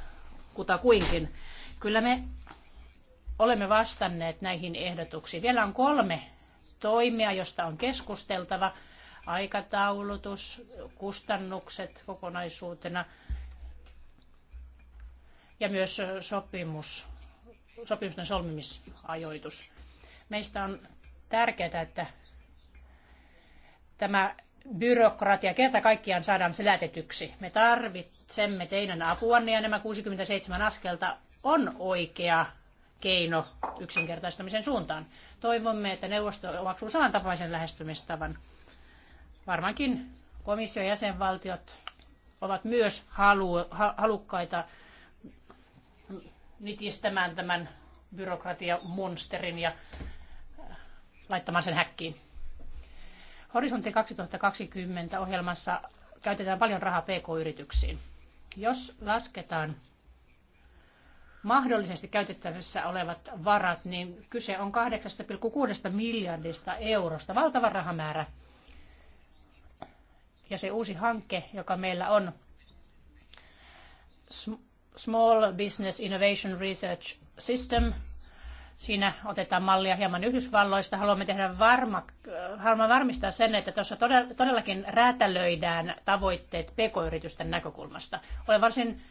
kutakuinkin Kyllä me olemme vastanneet näihin ehdotuksiin. Vielä on kolme toimia, josta on keskusteltava. Aikataulutus, kustannukset kokonaisuutena ja myös sopimus, sopimusten solmimisajoitus. Meistä on tärkeää, että tämä byrokratia kerta kaikkiaan saadaan selätetyksi. Me tarvitsemme teidän apuanne ja nämä 67 askelta on oikea keino yksinkertaistamisen suuntaan. Toivomme, että neuvosto omaksuu samantapaisen lähestymistavan. Varmaankin komissio ja jäsenvaltiot ovat myös halu, halukkaita nitistämään tämän byrokratiamonsterin ja äh, laittamaan sen häkkiin. Horisontti 2020 ohjelmassa käytetään paljon rahaa pk-yrityksiin. Jos lasketaan mahdollisesti käytettävissä olevat varat, niin kyse on 8,6 miljardista eurosta, valtava rahamäärä. Ja se uusi hanke, joka meillä on, Small Business Innovation Research System, siinä otetaan mallia hieman Yhdysvalloista. Haluamme, tehdä varma, haluamme varmistaa sen, että tuossa todellakin räätälöidään tavoitteet pk-yritysten näkökulmasta. Olen varsin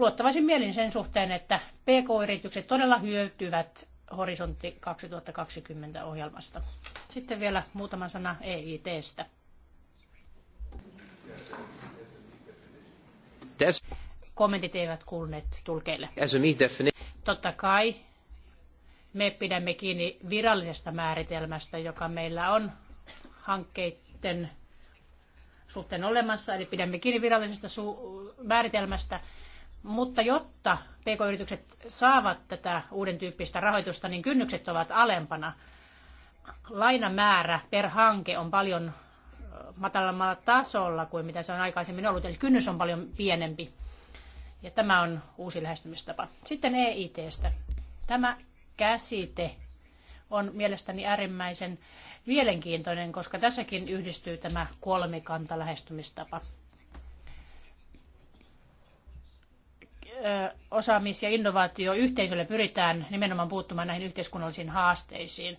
luottavaisin mielin sen suhteen, että PK-yritykset todella hyötyvät Horisontti 2020 ohjelmasta. Sitten vielä muutama sana EITstä. Kommentit eivät kuulneet tulkeille. Totta kai me pidämme kiinni virallisesta määritelmästä, joka meillä on hankkeiden suhteen olemassa, eli pidämme kiinni virallisesta määritelmästä mutta jotta pk-yritykset saavat tätä uuden tyyppistä rahoitusta, niin kynnykset ovat alempana. Lainamäärä per hanke on paljon matalammalla tasolla kuin mitä se on aikaisemmin ollut, eli kynnys on paljon pienempi. Ja tämä on uusi lähestymistapa. Sitten EITstä. Tämä käsite on mielestäni äärimmäisen mielenkiintoinen, koska tässäkin yhdistyy tämä kolmikanta lähestymistapa. osaamis- ja innovaatioyhteisölle pyritään nimenomaan puuttumaan näihin yhteiskunnallisiin haasteisiin.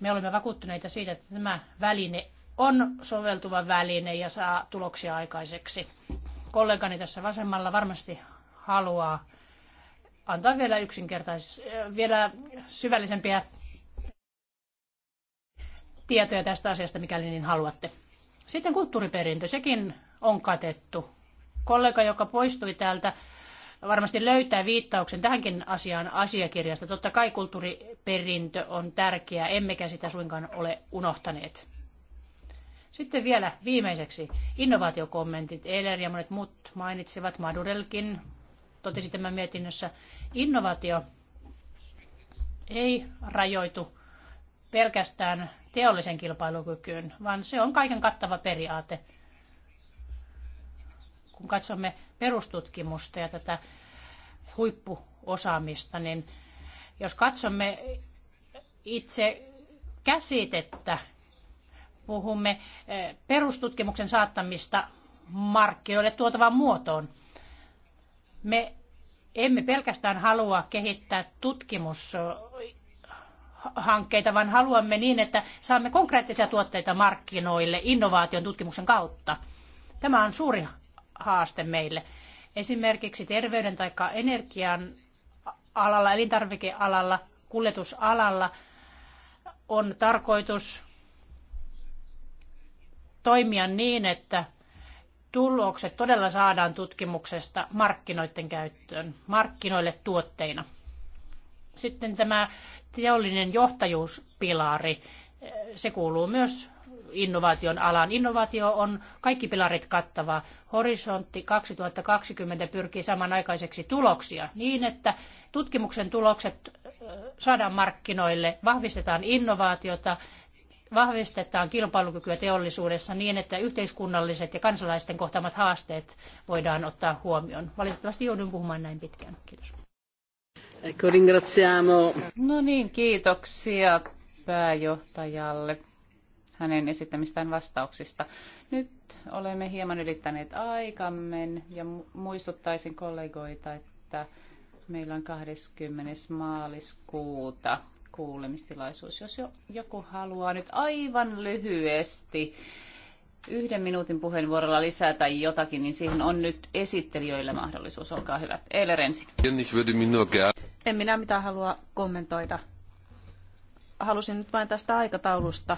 Me olemme vakuuttuneita siitä, että tämä väline on soveltuva väline ja saa tuloksia aikaiseksi. Kollegani tässä vasemmalla varmasti haluaa antaa vielä yksinkertais, vielä syvällisempiä tietoja tästä asiasta, mikäli niin haluatte. Sitten kulttuuriperintö, sekin on katettu kollega, joka poistui täältä, varmasti löytää viittauksen tähänkin asiaan asiakirjasta. Totta kai kulttuuriperintö on tärkeä, emmekä sitä suinkaan ole unohtaneet. Sitten vielä viimeiseksi innovaatiokommentit. Eiler ja monet muut mainitsivat, Madurelkin totesi tämän mietinnössä. Innovaatio ei rajoitu pelkästään teollisen kilpailukykyyn, vaan se on kaiken kattava periaate – kun katsomme perustutkimusta ja tätä huippuosaamista, niin jos katsomme itse käsitettä, puhumme eh, perustutkimuksen saattamista markkinoille tuotavaan muotoon. Me emme pelkästään halua kehittää tutkimushankkeita, vaan haluamme niin, että saamme konkreettisia tuotteita markkinoille innovaation tutkimuksen kautta. Tämä on suuri haaste meille. Esimerkiksi terveyden tai energian alalla, elintarvikealalla, kuljetusalalla on tarkoitus toimia niin, että tulokset todella saadaan tutkimuksesta markkinoiden käyttöön, markkinoille tuotteina. Sitten tämä teollinen johtajuuspilari, se kuuluu myös innovaation alan. Innovaatio on kaikki pilarit kattava. Horisontti 2020 pyrkii samanaikaiseksi tuloksia niin, että tutkimuksen tulokset saadaan markkinoille, vahvistetaan innovaatiota, vahvistetaan kilpailukykyä teollisuudessa niin, että yhteiskunnalliset ja kansalaisten kohtaamat haasteet voidaan ottaa huomioon. Valitettavasti joudun puhumaan näin pitkään. Kiitos. No niin, kiitoksia pääjohtajalle hänen esittämistään vastauksista. Nyt olemme hieman ylittäneet aikamme ja muistuttaisin kollegoita, että meillä on 20. maaliskuuta kuulemistilaisuus. Jos jo, joku haluaa nyt aivan lyhyesti yhden minuutin puheenvuorolla lisätä jotakin, niin siihen on nyt esittelijöillä mahdollisuus. Olkaa hyvät. Eilen ensin. Niin, en minä mitään halua kommentoida. Halusin nyt vain tästä aikataulusta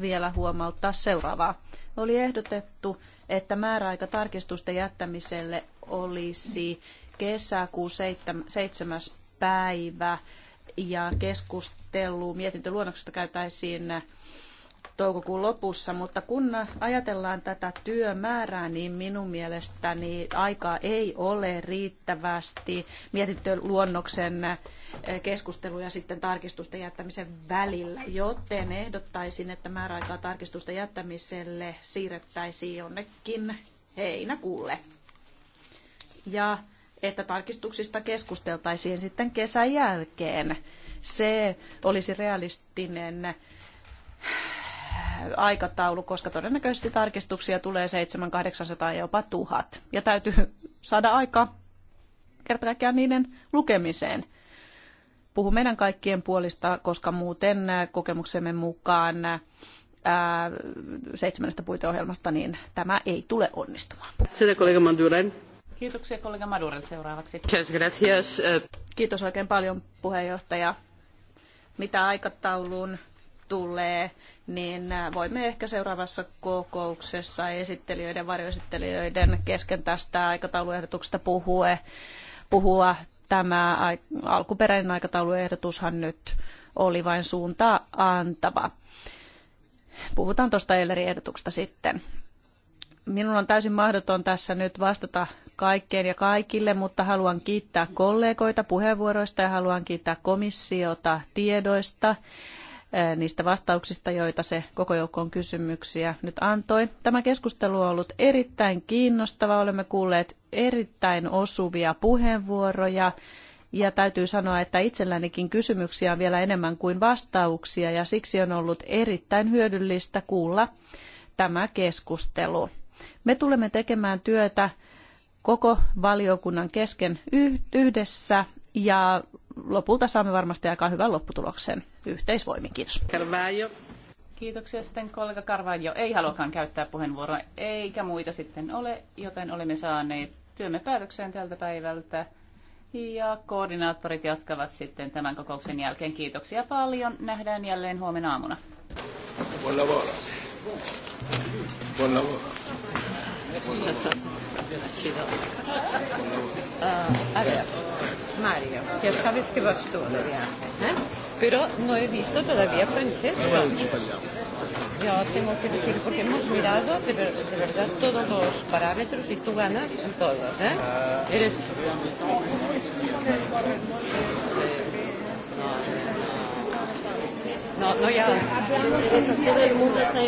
vielä huomauttaa seuraavaa. Oli ehdotettu, että määräaika tarkistusten jättämiselle olisi kesäkuun 7. päivä ja keskustelu mietintöluonnoksesta käytäisiin toukokuun lopussa, mutta kun ajatellaan tätä työmäärää, niin minun mielestäni aikaa ei ole riittävästi mietintöluonnoksen eh, keskustelun ja sitten tarkistusten jättämisen välillä, joten ehdottaisin, että määräaikaa tarkistusten jättämiselle siirrettäisiin jonnekin heinäkuulle. Ja että tarkistuksista keskusteltaisiin sitten kesän jälkeen. Se olisi realistinen aikataulu, koska todennäköisesti tarkistuksia tulee 700 800 ja jopa 1000. Ja täytyy saada aika kerta kaikkiaan niiden lukemiseen. Puhu meidän kaikkien puolista, koska muuten kokemuksemme mukaan ää, seitsemännestä puiteohjelmasta, niin tämä ei tule onnistumaan. Sitten kollega Maduren. Kiitoksia kollega Madurel seuraavaksi. Eh. Kiitos oikein paljon puheenjohtaja. Mitä aikatauluun tulee, niin voimme ehkä seuraavassa kokouksessa esittelijöiden, varjoesittelijöiden kesken tästä aikatauluehdotuksesta puhua. puhua. Tämä alkuperäinen aikatauluehdotushan nyt oli vain suuntaa antava. Puhutaan tuosta Eilerin ehdotuksesta sitten. Minun on täysin mahdoton tässä nyt vastata kaikkeen ja kaikille, mutta haluan kiittää kollegoita puheenvuoroista ja haluan kiittää komissiota tiedoista niistä vastauksista, joita se koko joukkoon kysymyksiä nyt antoi. Tämä keskustelu on ollut erittäin kiinnostava. Olemme kuulleet erittäin osuvia puheenvuoroja. Ja täytyy sanoa, että itsellänikin kysymyksiä on vielä enemmän kuin vastauksia ja siksi on ollut erittäin hyödyllistä kuulla tämä keskustelu. Me tulemme tekemään työtä koko valiokunnan kesken yhdessä ja lopulta saamme varmasti aika hyvän lopputuloksen yhteisvoimin. Kiitos. Carvalho. Kiitoksia sitten kollega Carvalho. Ei haluakaan käyttää puheenvuoroa, eikä muita sitten ole, joten olemme saaneet työmme päätökseen tältä päivältä. Ja koordinaattorit jatkavat sitten tämän kokouksen jälkeen. Kiitoksia paljon. Nähdään jälleen huomenna aamuna. Buon lavoro. Buon lavoro. Uh, a ver, Mario, ya sabes que vas tú Adrián, ¿eh? Pero no he visto todavía Francesco. Yo no, no, no, tengo que decir, porque hemos mirado de, ver, de verdad todos los parámetros y tú ganas en todos. ¿eh? Eres. Eh, no, no. No, no, ya. Todo el mundo está